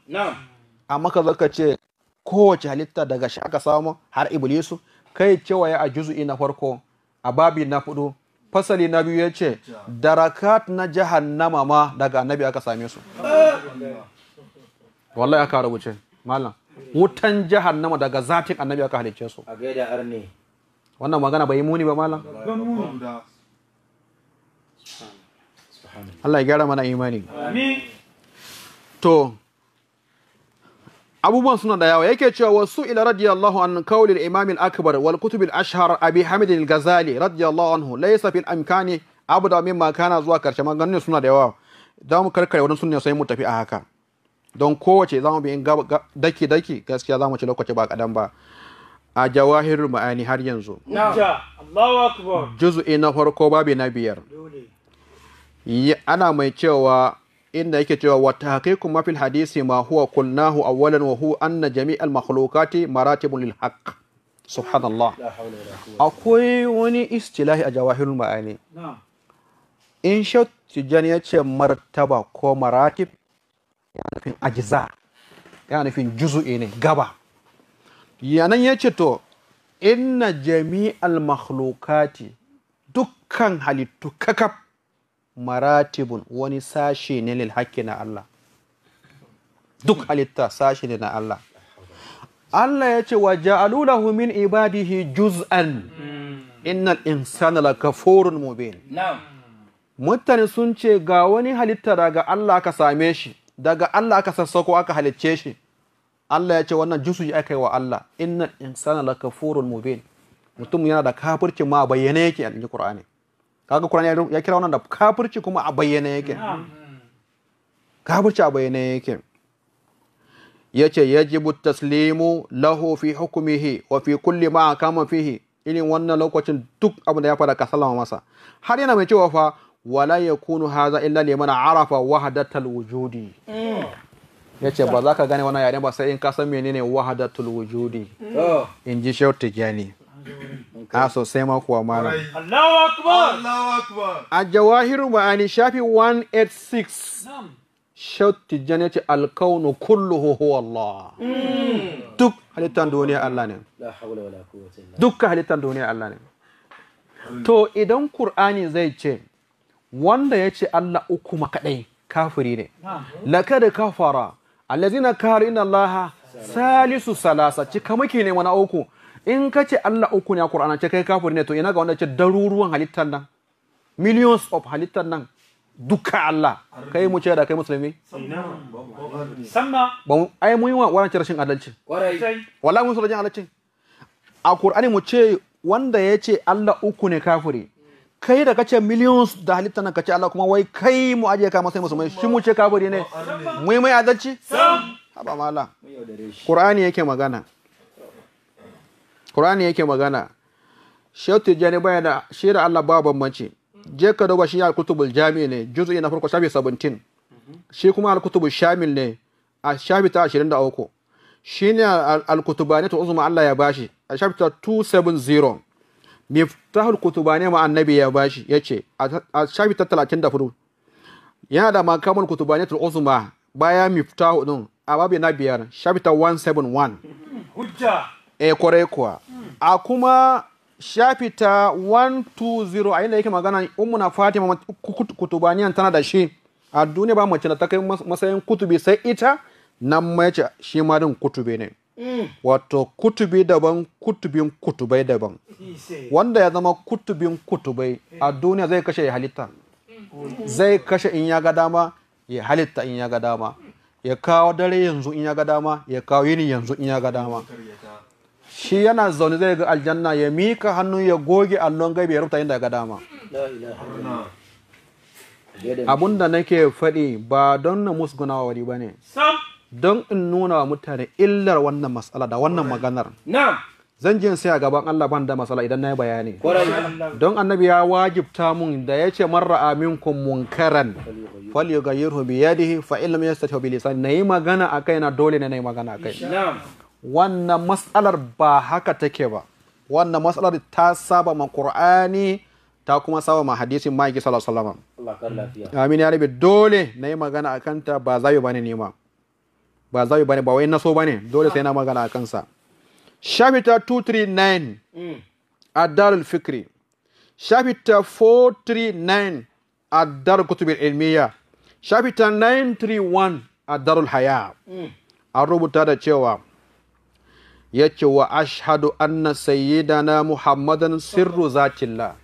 amma ka zaka ce kowace halitta daga shi aka samu har iblisu kai cewa ya a juzu'i na farko a babi na fudu fasali na biyu ya ce darakat na jahannama ma daga annabi aka same su wallahi aka rubuce malam wutan jahannama daga zatin annabi aka halicce su a gaida arne wannan magana bai muni ba malam Allah ya gyara mana imani to abubuwan suna da yawa yake cewa wasu ila radiyallahu an kawulil imamil akbar wal kutubin ashhar abi hamidin gazali radiyallahu anhu laisa fil amkani da mimma kana zuwa karshe maganin suna da yawa za mu karkare wani suna sai mu tafi a haka don kowace za mu bi in daki daki gaskiya za mu ci lokaci ba kadan ba a jawahirul ma'ani har yanzu juz'i na farko babi na biyar ana mai cewa inda yake cewa wa tahqiqu ma fil hadisi ma huwa qulnahu awwalan wa huwa anna jami'al makhluqati maratibun lil haqq subhanallah akwai wani istilahi a jawahirul ma'ani in shau tijjani ya ce martaba ko maratib ya nufin ajiza ya nufin juzu'i ne gaba yanan ya ce to inna jami'al makhlukati dukkan halittu kakaf maratibun wani sashe ne lil haƙƙi na Allah duk halitta sashe ne na Allah Allah ya ce wa ja'alulahu min ibadihi juz'an hmm. innal insana lakafurun mubin mutane sun ce ga wani halitta daga Allah ka same shi daga Allah aka sassako aka halicce shi Allah ya ce wannan jusu aka yi wa Allah innal insana lakafurun mubin mutum yana da kafirci ma bayyane yake a cikin Qur'ani kaga kuran ya kira wannan da kafirci kuma a bayyane yake kafirci a bayyane yake yace yajibu taslimu lahu fi hukumihi wa fi kulli ma kama fihi irin wannan lokacin duk abin da ya fara ka sallama masa har yana mai cewa fa wala yakunu haza illa liman arafa wahdatal wujudi hmm. Ya ce ba za ka gane wannan yaren ba sai in ka san menene wahdatul wujudi hmm. in ji shautu tijani a sosai sema kuwa malam Allahu akbar Allahu akbar ajawahiru ma'ani shafi 186 shautti janati alkaunu kulluhu huwa Allah hmm. duk halittar duniya Allah ne dukkan halittar duniya Allah ne to idan Kur'ani zai ce wanda ya ce Allah uku makaɗai kafiri ne lakada kafara allazina karu inna Allah salisu salasa cika muke ne mana uku in ka ce Allah uku ne a Qur'ana ce kai kafiri ne to ina ga wanda ce daruruwan halittar nan millions of halittar nan duka Allah kai mu ce da kai musulmi samma ba mu ai mun yi wa ce rashin adalci wallahi mun rashin adalci a Qur'ani mu ce wanda ya ce Allah uku ne kafiri kai da kace millions da halittar nan kace Allah kuma wai kai mu aje ka masa musulmai shi mu ce kafiri ne mu yi mai adalci sam haba mala Qur'ani yake magana Qur'ani yake magana shautu jani baya da shi da Allah ba bambanci je ka duba shi al-kutubul jami ne juzu na farko shafi 17 shi kuma al-kutubul shamil ne a shafi ta 23 shine al-kutubani to uzuma Allah ya bashi a shafi ta 270 miftahul kutubani ma annabi ya bashi yace a shafi ta 34 yana da makamul kutubani to uzuma baya miftahu din a babu na biyar shafi ta 171 hujja E kwarai kuwa a kuma shafi ta 120 a inda yake magana umuna fatima kutubaniyan tana da shi a duniya ba mace da ta kai matsayin kutubi sai ita nan mace shi ma din kutubi ne mm. wato kutubi daban kutubin kutubai daban wanda ya zama kutubin kutubai a duniya zai kashe ya halitta zai kashe in ya ga dama ya halitta in ya ga dama ya kawo dare yanzu in ya ga dama ya kawo yini yanzu in ya ga dama shi yana zaune zai ga aljanna ya mika hannu ya goge allon gaibe ya rubuta inda ga dama abun da nake faɗi ba don na wa wari ba ne don in nuna wa mutane illar wannan matsala da wannan maganar zan jin sai a gaban Allah ban da matsala idan na yi bayani don annabi ya wajibta mun da ya ce marra aminkum munkaran fal yughayyirhu bi yadihi fa in yastati bi lisani nayi magana akai na dole ne yi magana akai wannan matsalar ba haka take ba wannan matsalar ta saba ma Qur'ani ta kuma saba ma hadisin maiki sallallahu alaihi wasallam amin ya rabi dole na yi magana akan ta ba zabi bane ne ma ba zabi bane ba wai naso bane dole sai na magana akan sa shafi 239 a darul fikri shafita 439 a darul kutubin ilmiya shafita 931 a darul haya hmm. an rubuta da cewa Ya ce wa ashhadu anna sayyidana muhammadan sirru zatillah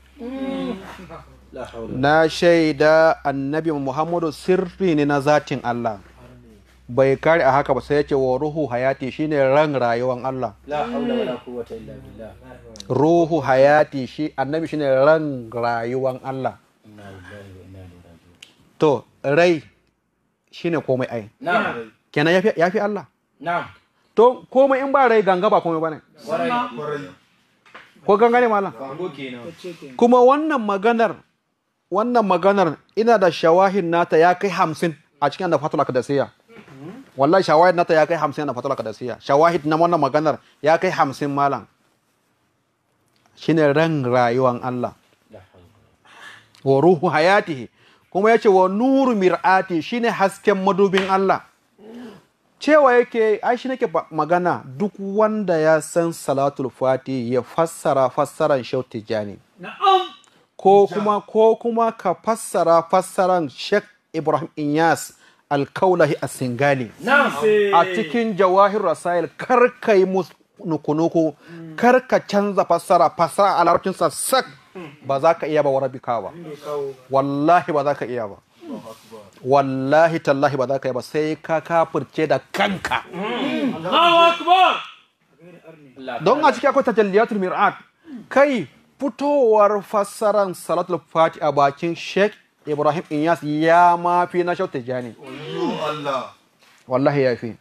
na shaida annabi muhammadu sirri ne na zatin Allah bai kare a haka ba sai ya ce wa ruhu hayati shine ran rayuwan Allah ruhu hayati shi annabi shine ran rayuwan Allah to rai shine komai ai kenan fi Allah to komai in ba rai ganga ba komai bane ko ganga ne malam kuma wannan maganar wannan maganar ina da shawahin nata ya kai hamsin a cikin da fatul akadasiya hmm? wallahi shawahin nata ya kai hamsin a fatul akadasiya shawahid na wannan maganar ya kai hamsin malam shine ran rayuwan Allah wa ruhu hayatihi kuma yace wa nuru mir'ati shine hasken madubin Allah cewa yake ai shi nake magana duk wanda ya san salatul fati ya fassara fassaran shau tijjani ko kuma ko kuma ka fassara fassaran shek ibrahim inyas alkaulahi a singali a cikin jawahir rasail karka yi mus nukunuku karka canza fassara fassara a larabcinsa sak hmm. ba za ka iya ba warabika ba wallahi ba za ka iya ba wallahi tallahi ba za ka yi ba sai ka kafirce da kanka don a cikin akwai tajalliyatul mir'ad kai fitowar fassarar salatul fati a bakin sheikh ibrahim inyas ya mafi na shautar jani wallahi ya fi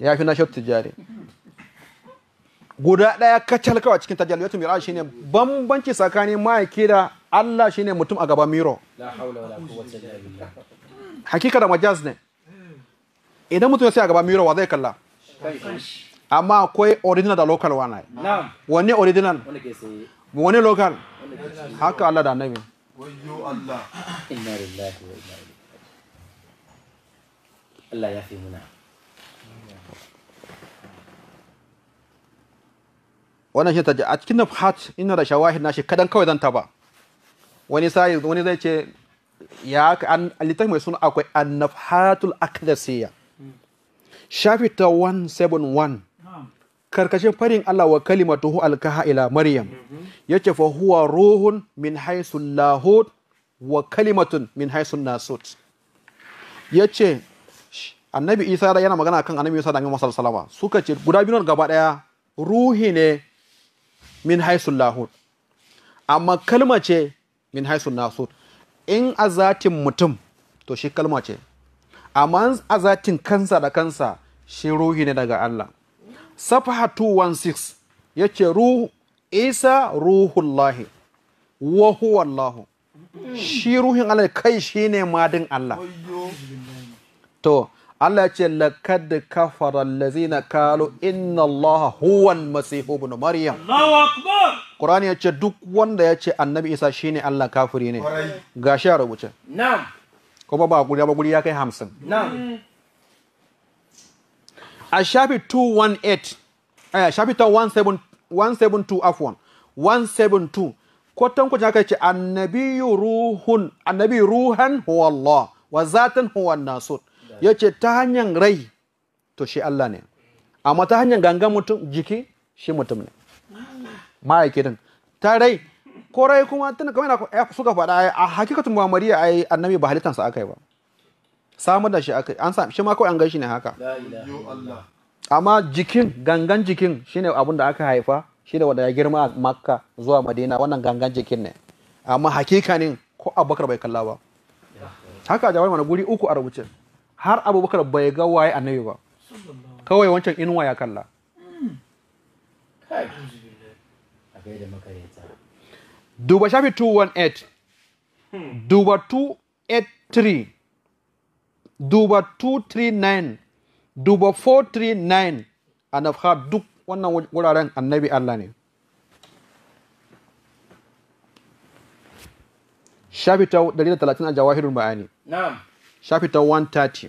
ya fi na shautar jani guda ɗaya kacal kawai cikin tajalliyatul mir'at shine bambanci tsakanin ma'aiki da Allah shi ne mutum a gaba miro hakika da majaz ne idan mutum sai a gaba miro wa zai kalla amma akwai original da local wana wani original wani local haka Allah da annabi wayyo Allah inna lillahi wa inna ilaihi Allah ya fi muna wannan shi ta a cikin nafhat ina da shawahi na shi kadan kawai zan ba. wani sai wani zai ce ya an littafi mai suna akwai annafhatul akdasiya shafi ta 171 karkashin farin Allah wa kalimatuhu alkaha ila maryam yace fa huwa ruhun min haisu lahud wa kalimatun min haisu nasut yace annabi isa da yana magana kan annabi isa da annabi musa salama suka ce guda biyu gaba daya ruhi ne min haisu lahud amma kalma ce min haisu nasu in a zatin mutum to shi kalma ce amma a zatin kansa da kansa shi ruhi ne daga Allah safaha 216 yace ruhu isa ruhullahi wa huwa Allah shi ruhin Allah kai shine madin Allah to Allah ce laqad kafara allazina kalu inna Allah huwa al-masih ibn Maryam Allahu akbar Qur'ani ya ce duk wanda ya ce Annabi Isa shine Allah kafiri ne gashi a rubuce na'am kuma ba guri ba guri ya kai 50 na'am a shafi 218 aya eh, shafi 17 172 afwan 172 kwatan ku haka ce annabi ruhun annabi ruhan huwa Allah wa zatan huwa nasut ya ce ta hanyar rai to shi Allah ne amma ta hanyar gangan mutum jiki shi mutum ne ma'aikirin ta rai ko rai kuma tun kamar ya suka faɗa a hakikatun ba mariya ai annabi ba halittansa aka yi ba Samun da shi aka an shi ma kawai an gaishe ne haka amma jikin gangan jikin shine abin da aka haifa shi da wanda ya girma a makka zuwa madina wannan gangan jikin ne amma hakika ne ko abubakar bai kalla ba haka jawai mana guri uku a rubuce har abubakar bai ga waye annabi ba kawai wancan inuwa ya kalla hmm. duba shafi 218 hmm. duba 283 duba 239 duba 439 a nafha duk wannan wuraren annabi Allah ne shafi ta 130 a jawahirun bayani na'am shafi ta 130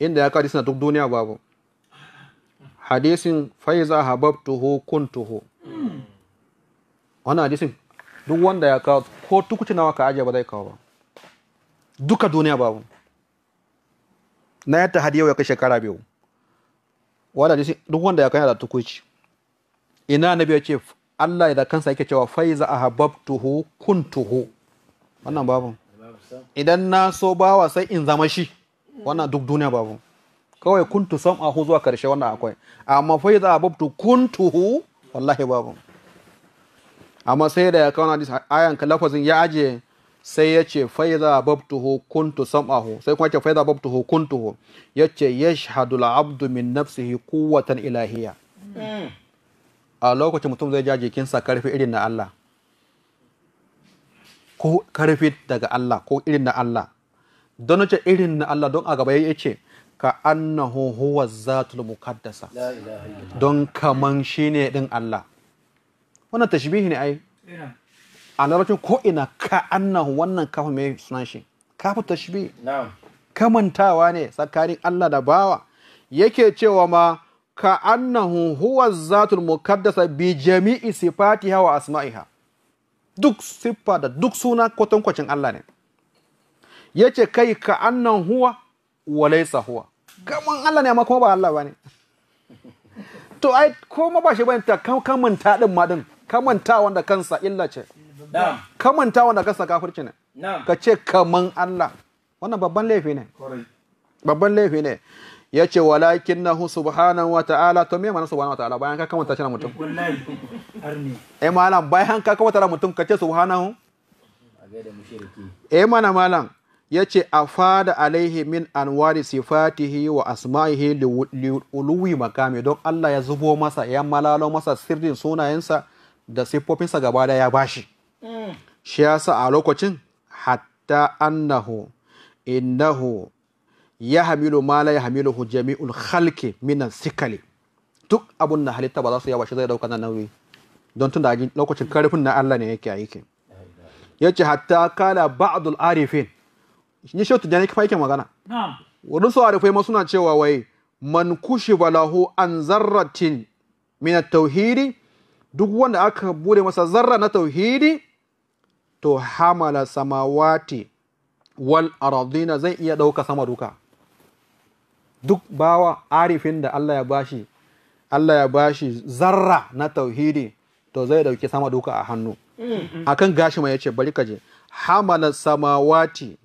inda ya kawo na duk duniya babu hadisin faiza kun tuho wannan hadisin duk wanda ya kawo ko tukuci nawa ka ajiye ba zai kawo ba duka duniya babu na yadda har yau ya kai shekara biyu hadisin duk wanda ya kai da tukuci ina na biyar ce Allah ya da kansa yake cewa faiza kun tuho wannan babu idan na so bawa sai in zama shi wannan duk duniya babu kawai kuntu sam ahu zuwa karshe wannan akwai amma fa idza ababtu kuntuhu wallahi babu amma sai da ya kawo disa, ayan ka lafazin ya aje sai ya ce faiza babtuhu kuntu ahu sai kuma ce kun tu hu. ya ce yashhadu la'abdu min nafsihi quwwatan ilahiyya hmm. a lokacin mutum zai ja jikinsa karfi irin na Allah ko karfi daga Allah ko irin na Allah don ce irin na Allah don a gaba ya ce ka annahu huwa zatul mukaddasa don kaman shine din Allah wannan tashbihi ne ai a larabcin ko ina ka annahu wannan kafa mai sunan shi kafa tashbi kamantawa ne tsakanin Allah da bawa yake cewa ma ka annahu huwa zatul mukaddasa bi jami'i sifatiha wa asma'iha duk siffa da duk suna kwatankwacin Allah ne ya ce kai ka annan huwa wa laisa huwa kaman Allah ne amma kuma ba Allah ba ne to ai ko ma ba shi bane ta kamanta din ma din kamanta wanda kansa illa ce kamanta wanda kansa kafirci ne ka ce kaman Allah wannan babban laifi ne babban laifi ne ya ce walakin na subhanan wa ta'ala to me mana subhanan wa ta'ala bayan ka kamanta shi na mutum eh malam bayan ka kamanta na mutum ka ce hun eh mana malam ya ce a fada alaihi min anwari sifatihi wa asma'ihi li'uluwi makami don Allah ya zubo masa ya malalo masa sirrin sunayensa da siffofinsa gaba da ya bashi mm. shi ya sa a lokacin hatta annahu innahu ya hamilu ma la ya hamilu hu jami'ul khalqi minan sikali duk abun da halitta ba za su yawa shi zai dauka na nauyi don tun da lokacin karfin na Allah ne yake aiki ya ce hatta kala ba'dul arifin ni shi tujani kifa yake magana wurin su arifai ma suna cewa wai man kushi balahu an zarratin min tauhidi duk wanda aka bude masa zarra na tauhidi to hamala samawati wal aradina zai iya dauka sama duka duk bawa arifin da Allah ya bashi Allah ya bashi zarra na tauhidi to zai dauki sama duka a hannu akan gashi mai yace bari kaje hamala samawati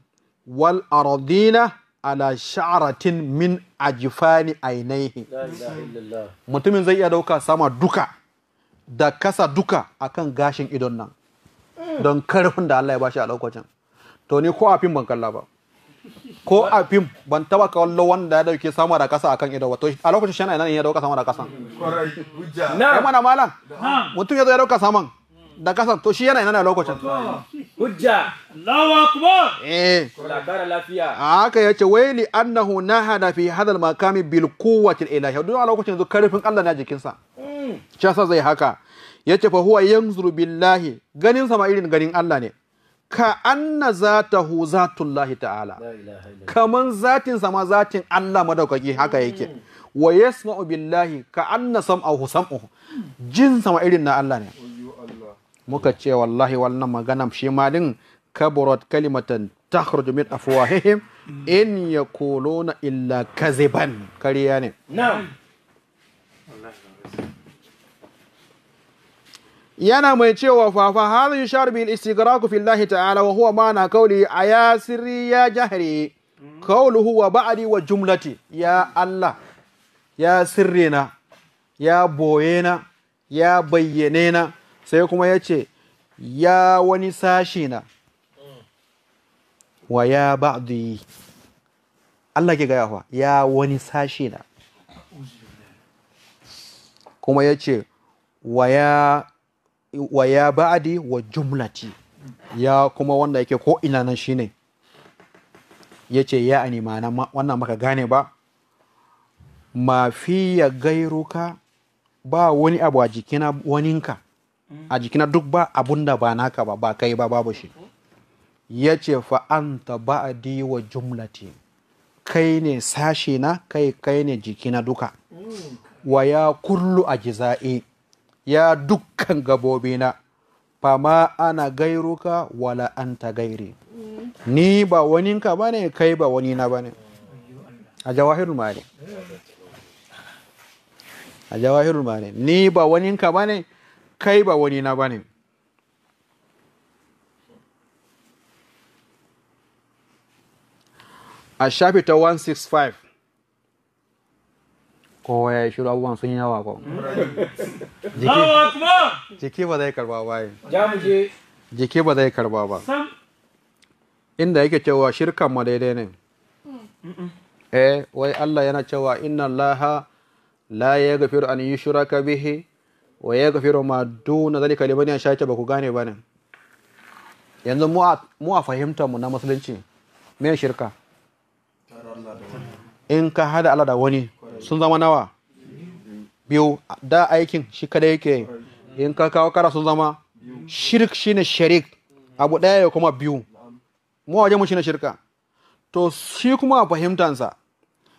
wal ardina ala sha'ratin min ajfani ainihi mutumin zai iya dauka sama duka da kasa duka akan gashin idon nan mm. don karfin da Allah ya bashi a lokacin to ni ko a fim ban kalla ba ko a fim ban taba kallo wanda ya dauke sama da kasa akan ido wato a lokacin shi ne ya dauka sama da kasa na mana malam mutum ya zo ya dauka saman da kasa to shi yana ina ne lokacin hujja Allahu akbar eh kula lafiya haka yace waili annahu nahada fi hadal makami bil quwwati ilahi duk a lokacin zu karfin Allah na jikinsa hmm. shi yasa zai haka yace fa huwa yanzuru billahi ganin sama irin ganin Allah ne ka anna zatahu zatullahi ta'ala kaman zatin sama zatin Allah madaukaki haka mm. yake wa yasma'u billahi ka anna sam'ahu sam'uhu jin sama irin na Allah ne muka ce wallahi wannan magana shi ma din kaburat kalimatan takhruju min afwahihim in yaquluna illa kaziban kariya ne na'am yana mai cewa fafa hadha yushar bil istigraku fillahi ta'ala wa huwa ma'ana kauli a ya sirri ya jahri qawluhu wa ba'adi wa jumlati ya Allah ya sirrina ya boyena ya bayyanena sai kuma ya ce ya wani sashi na wa ya ba'di Allah ke gaya fa ya wani sashi na kuma ya ce wa ya wa ya ba'adi wa jumlati ya kuma wanda yake ko ina nan shine ya ce ya a ma'ana wannan maka gane ba ma fi ya gairuka ba wani abu a jikina waninka a jikina duk ba abun da ba naka ba ba kai ba babu shi ya ce fa'anta ba'adi wa jumlati kai ne sashina kai kai ne jikina duka hmm. wa ya kullu a jiza'i ya dukkan gabobina fama ana gairuka wala an ta gairi ni ba waninka ba ne kai ba wani na ba ne a jawahirul mani a jawahirul mani ni ba waninka ba ne kai ba wani na ba ne a shafi ta 165 kowa ya shiru abubuwan sun yawa ko mm. jiki ba zai karba ba jiki ba zai karba ba inda yake cewa shirkan ma daidai ne eh wai Allah yana cewa inna laha la yaghfiru an yi ka bihi wa yaghfiru ma duna zalika liman yasha ba ku gane ba ne yanzu mu a fahimta mu na musulunci mai shirka in ka hada Allah da wani sun zama nawa biyu da aikin shi kada yake in ka kawo kara sun zama shirk ne sharik abu ɗaya ya kuma biyu mu waje mu ne shirka to shi kuma fahimtansa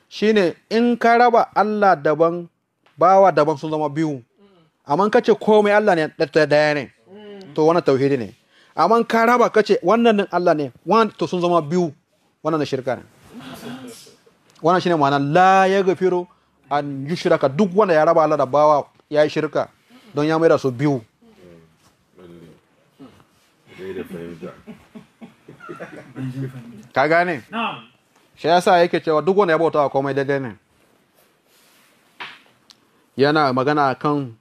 shi ne in ka raba Allah daban bawa daban sun zama biyu amma ka ce komai Allah ne daya ne to wannan tauhidi ne amma ka raba ka ce wannan Allah ne wannan to sun zama biyu wannan shirka ne wannan shine ma'ana la ya gafiro an yushraka duk wanda ya raba Allah da bawa ya yi shirka don ya maida su biyu ka gane shi sa yake cewa duk wanda ya bauta wa komai daidai ne yana magana kan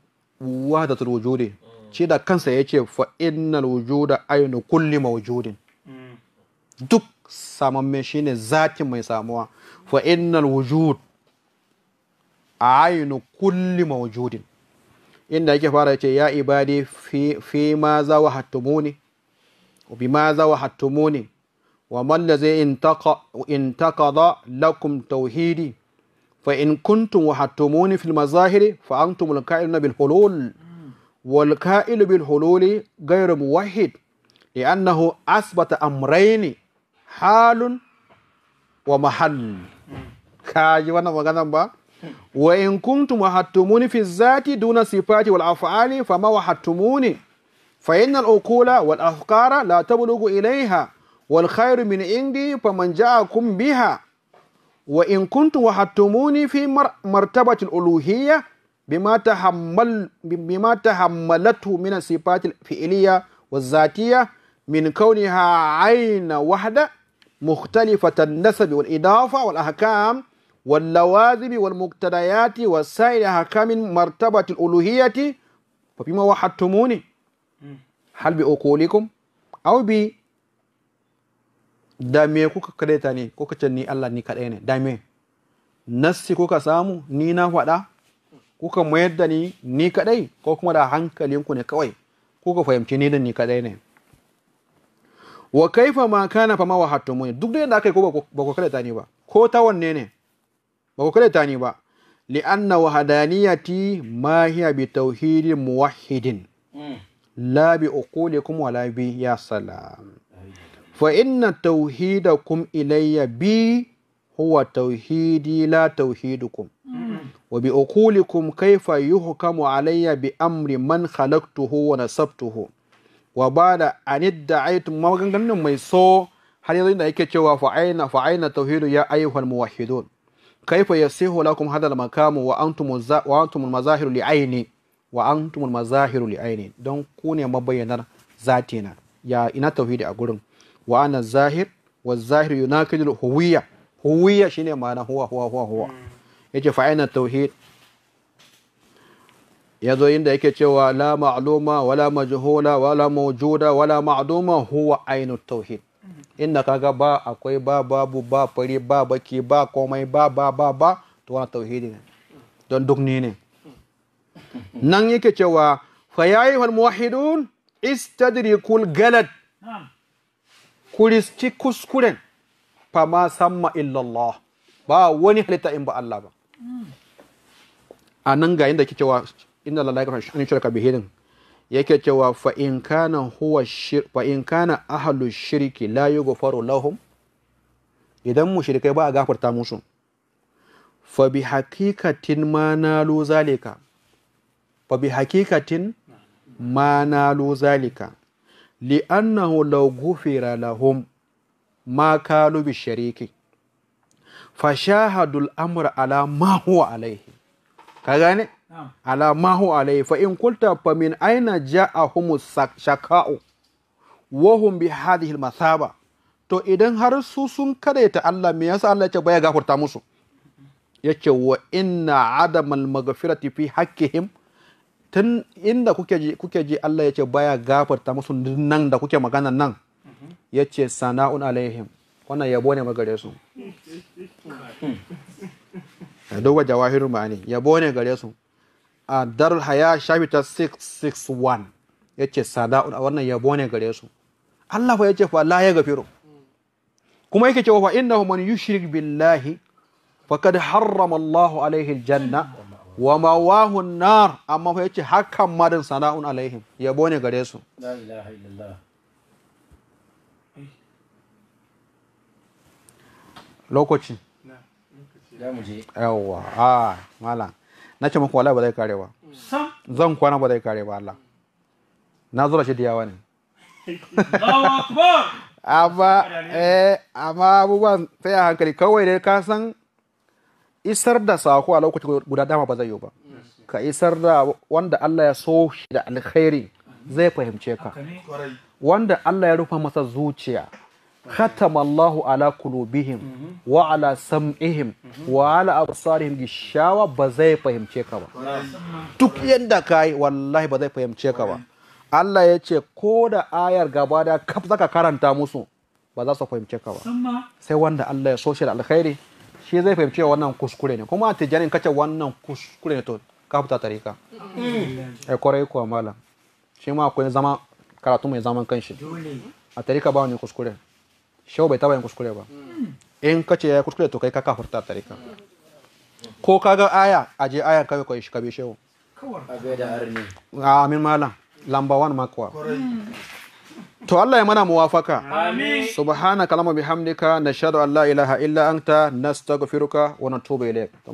wahdatul wujudi ce da kansa ya ce fa innal wujuda aynu kulli mawjudin mm. duk samamme shine zakin mai samuwa fa innal wujud ayinu kulli mawjudin inda yake fara ce ya ibadi fi ma za wa hattumuni wa hattumuni wa man zai intaqada lakum tauhidi fa in kuntu wa hattumuni fil mazahiri fa antum al ka'iluna bil hulul wal ka'ilu bil hululi ghayru li'annahu asbata amrayni halun wa mahall ka ji wannan ba wa in kuntum wahattumuni fi zati duna sifati wal af'ali fama wahattumuni fa innal uqula wal afqara la tablughu ilayha wal khairu min indi faman ja'akum biha wa in kuntum wahattumuni fi martabati al uluhiyya bima tahammal bima tahammalatu min sifati al fi'liyya wal zatiyya min kauniha ayna wahda مختلفة النسب والإضافة والأحكام واللوازم والمقتضيات وسائر أحكام مرتبة الألوهية فبما وحدتموني هل بأقولكم أو ب dame kuka kadaita ne kuka ce ni Allah ni kadai ne dame nassi kuka samu ni na faɗa kuka mayar da ni kadai ko kuma da hankalinku ne kawai kuka fahimci ni da ni kadai ne wa kaifa ma kana fama wa hattumun duk da yadda aka yi ko ba ku karyata ni ba ko ta wanne ne ba ku karyata ni ba li anna wahadaniyati ma hiya bi tauhidin muwahhidin hmm. la bi uqulikum wa la bi ya salam fa inna tauhidakum ilayya bi huwa tauhidi la tauhidukum hmm. wa bi uqulikum kaifa yuhkamu alayya bi amri man khalaqtuhu wa nasabtuhu wa ba da anid da aitun maganganun mai so har yanzu da yake cewa fa'aina fa'aina tauhidu ya ayyuhal muwahhidun kaifa yasihu lakum hadha al makamu wa antum wa antum mazahiru li aini wa antum mazahiru li aini don ku ne mabayyanar zatina ya ina tauhidi a gurin wa ana zahir wa zahir yunakidul huwiyya huwiyya shine ma'ana huwa huwa huwa huwa hmm. yace fa'aina tauhid ya zo inda yake cewa la ma'luma wala majhula wala mawjuda wala ma'duma huwa ainu tauhid inda kaga ba akwai ba babu ba fari ba baki ba komai ba ba ba ba to wannan tauhidi ne don duk ni ne nan yake cewa fa yayi wal muwahhidun istadrikul galad kuriski kuskuren fa ma samma illallah ba wani halitta in ba Allah ba a nan ga yadda kike cewa Inda lillahi wa inna shirka raji'un yake cewa fa’in kana shirki la yughfaru lahum idan ba a gafarta musu fa bi hakikatin ma na lo zalika fa bi hakikatin ma lo zalika li'annahu law ghufira lahum ma kalu bi shariki fa shahadul amra ala ma huwa alaihi ka gane ala mahu alai fa in kulta fa min aina ja'ahum shaka'u wa hum bi hadhihi al-masaba to idan har su sun ta Allah me yasa Allah ya ce baya gafarta musu yace wa inna al maghfirati fi haqqihim tun inda kuke ji kuke ji Allah yace baya gafarta musu nan da kuke magana nan yace sana'un alaihim wannan yabo ne magare su duk jawahirun ma'ani yabo ne gare su a darul haya shafi ta 661 ya ce sada'un a wannan yabo ne gare su Allah fa ya ce fa la ya gafiru kuma yake cewa fa innahu man yushrik billahi faqad harrama Allahu alaihi aljanna wa mawahu nar amma fa yace hakan ma sana'un alaihim yabo ne gare su la ilaha illallah lokaci yawa a malam na ce maka wallahi ba zai kare ba zan kwana ba zai kare ba Allah na zura shi diyawa ne amma eh amma abubuwan sai hankali kawai dai ka san isar da sako a lokacin guda dama ba zai yi ba ka isar da wanda Allah ya so shi da alkhairi zai fahimce ka wanda Allah ya rufa masa zuciya ختم الله على قلوبهم وعلى سمعهم وعلى أبصارهم غشاوة بزي فهم تشيكوا duk yanda kai wallahi ba zai fahimce ka ba Allah ya ce ko da ayar gaba da kaf zaka karanta musu ba za su fahimce ka ba sai wanda Allah ya so shi da alkhairi shi zai fahimci wannan kuskure ne kuma tijanin kace wannan kuskure ne to ka fita tarika eh kwarai malam shi ma akwai zama karatu mai zaman kanshi a tarika ba wani kuskure shau bai taba yin kuskure ba hmm. in ka ce ya kuskure to kai ka kafurta tarika ko ka ga aya a je aya kawai kawai shi ka bi shehu amin malam lamba wani makwa hmm. to Allah ya mana muwafaka amin subhanaka allahumma bihamdika nashhadu an la ilaha illa anta nastaghfiruka wa natubu ilayk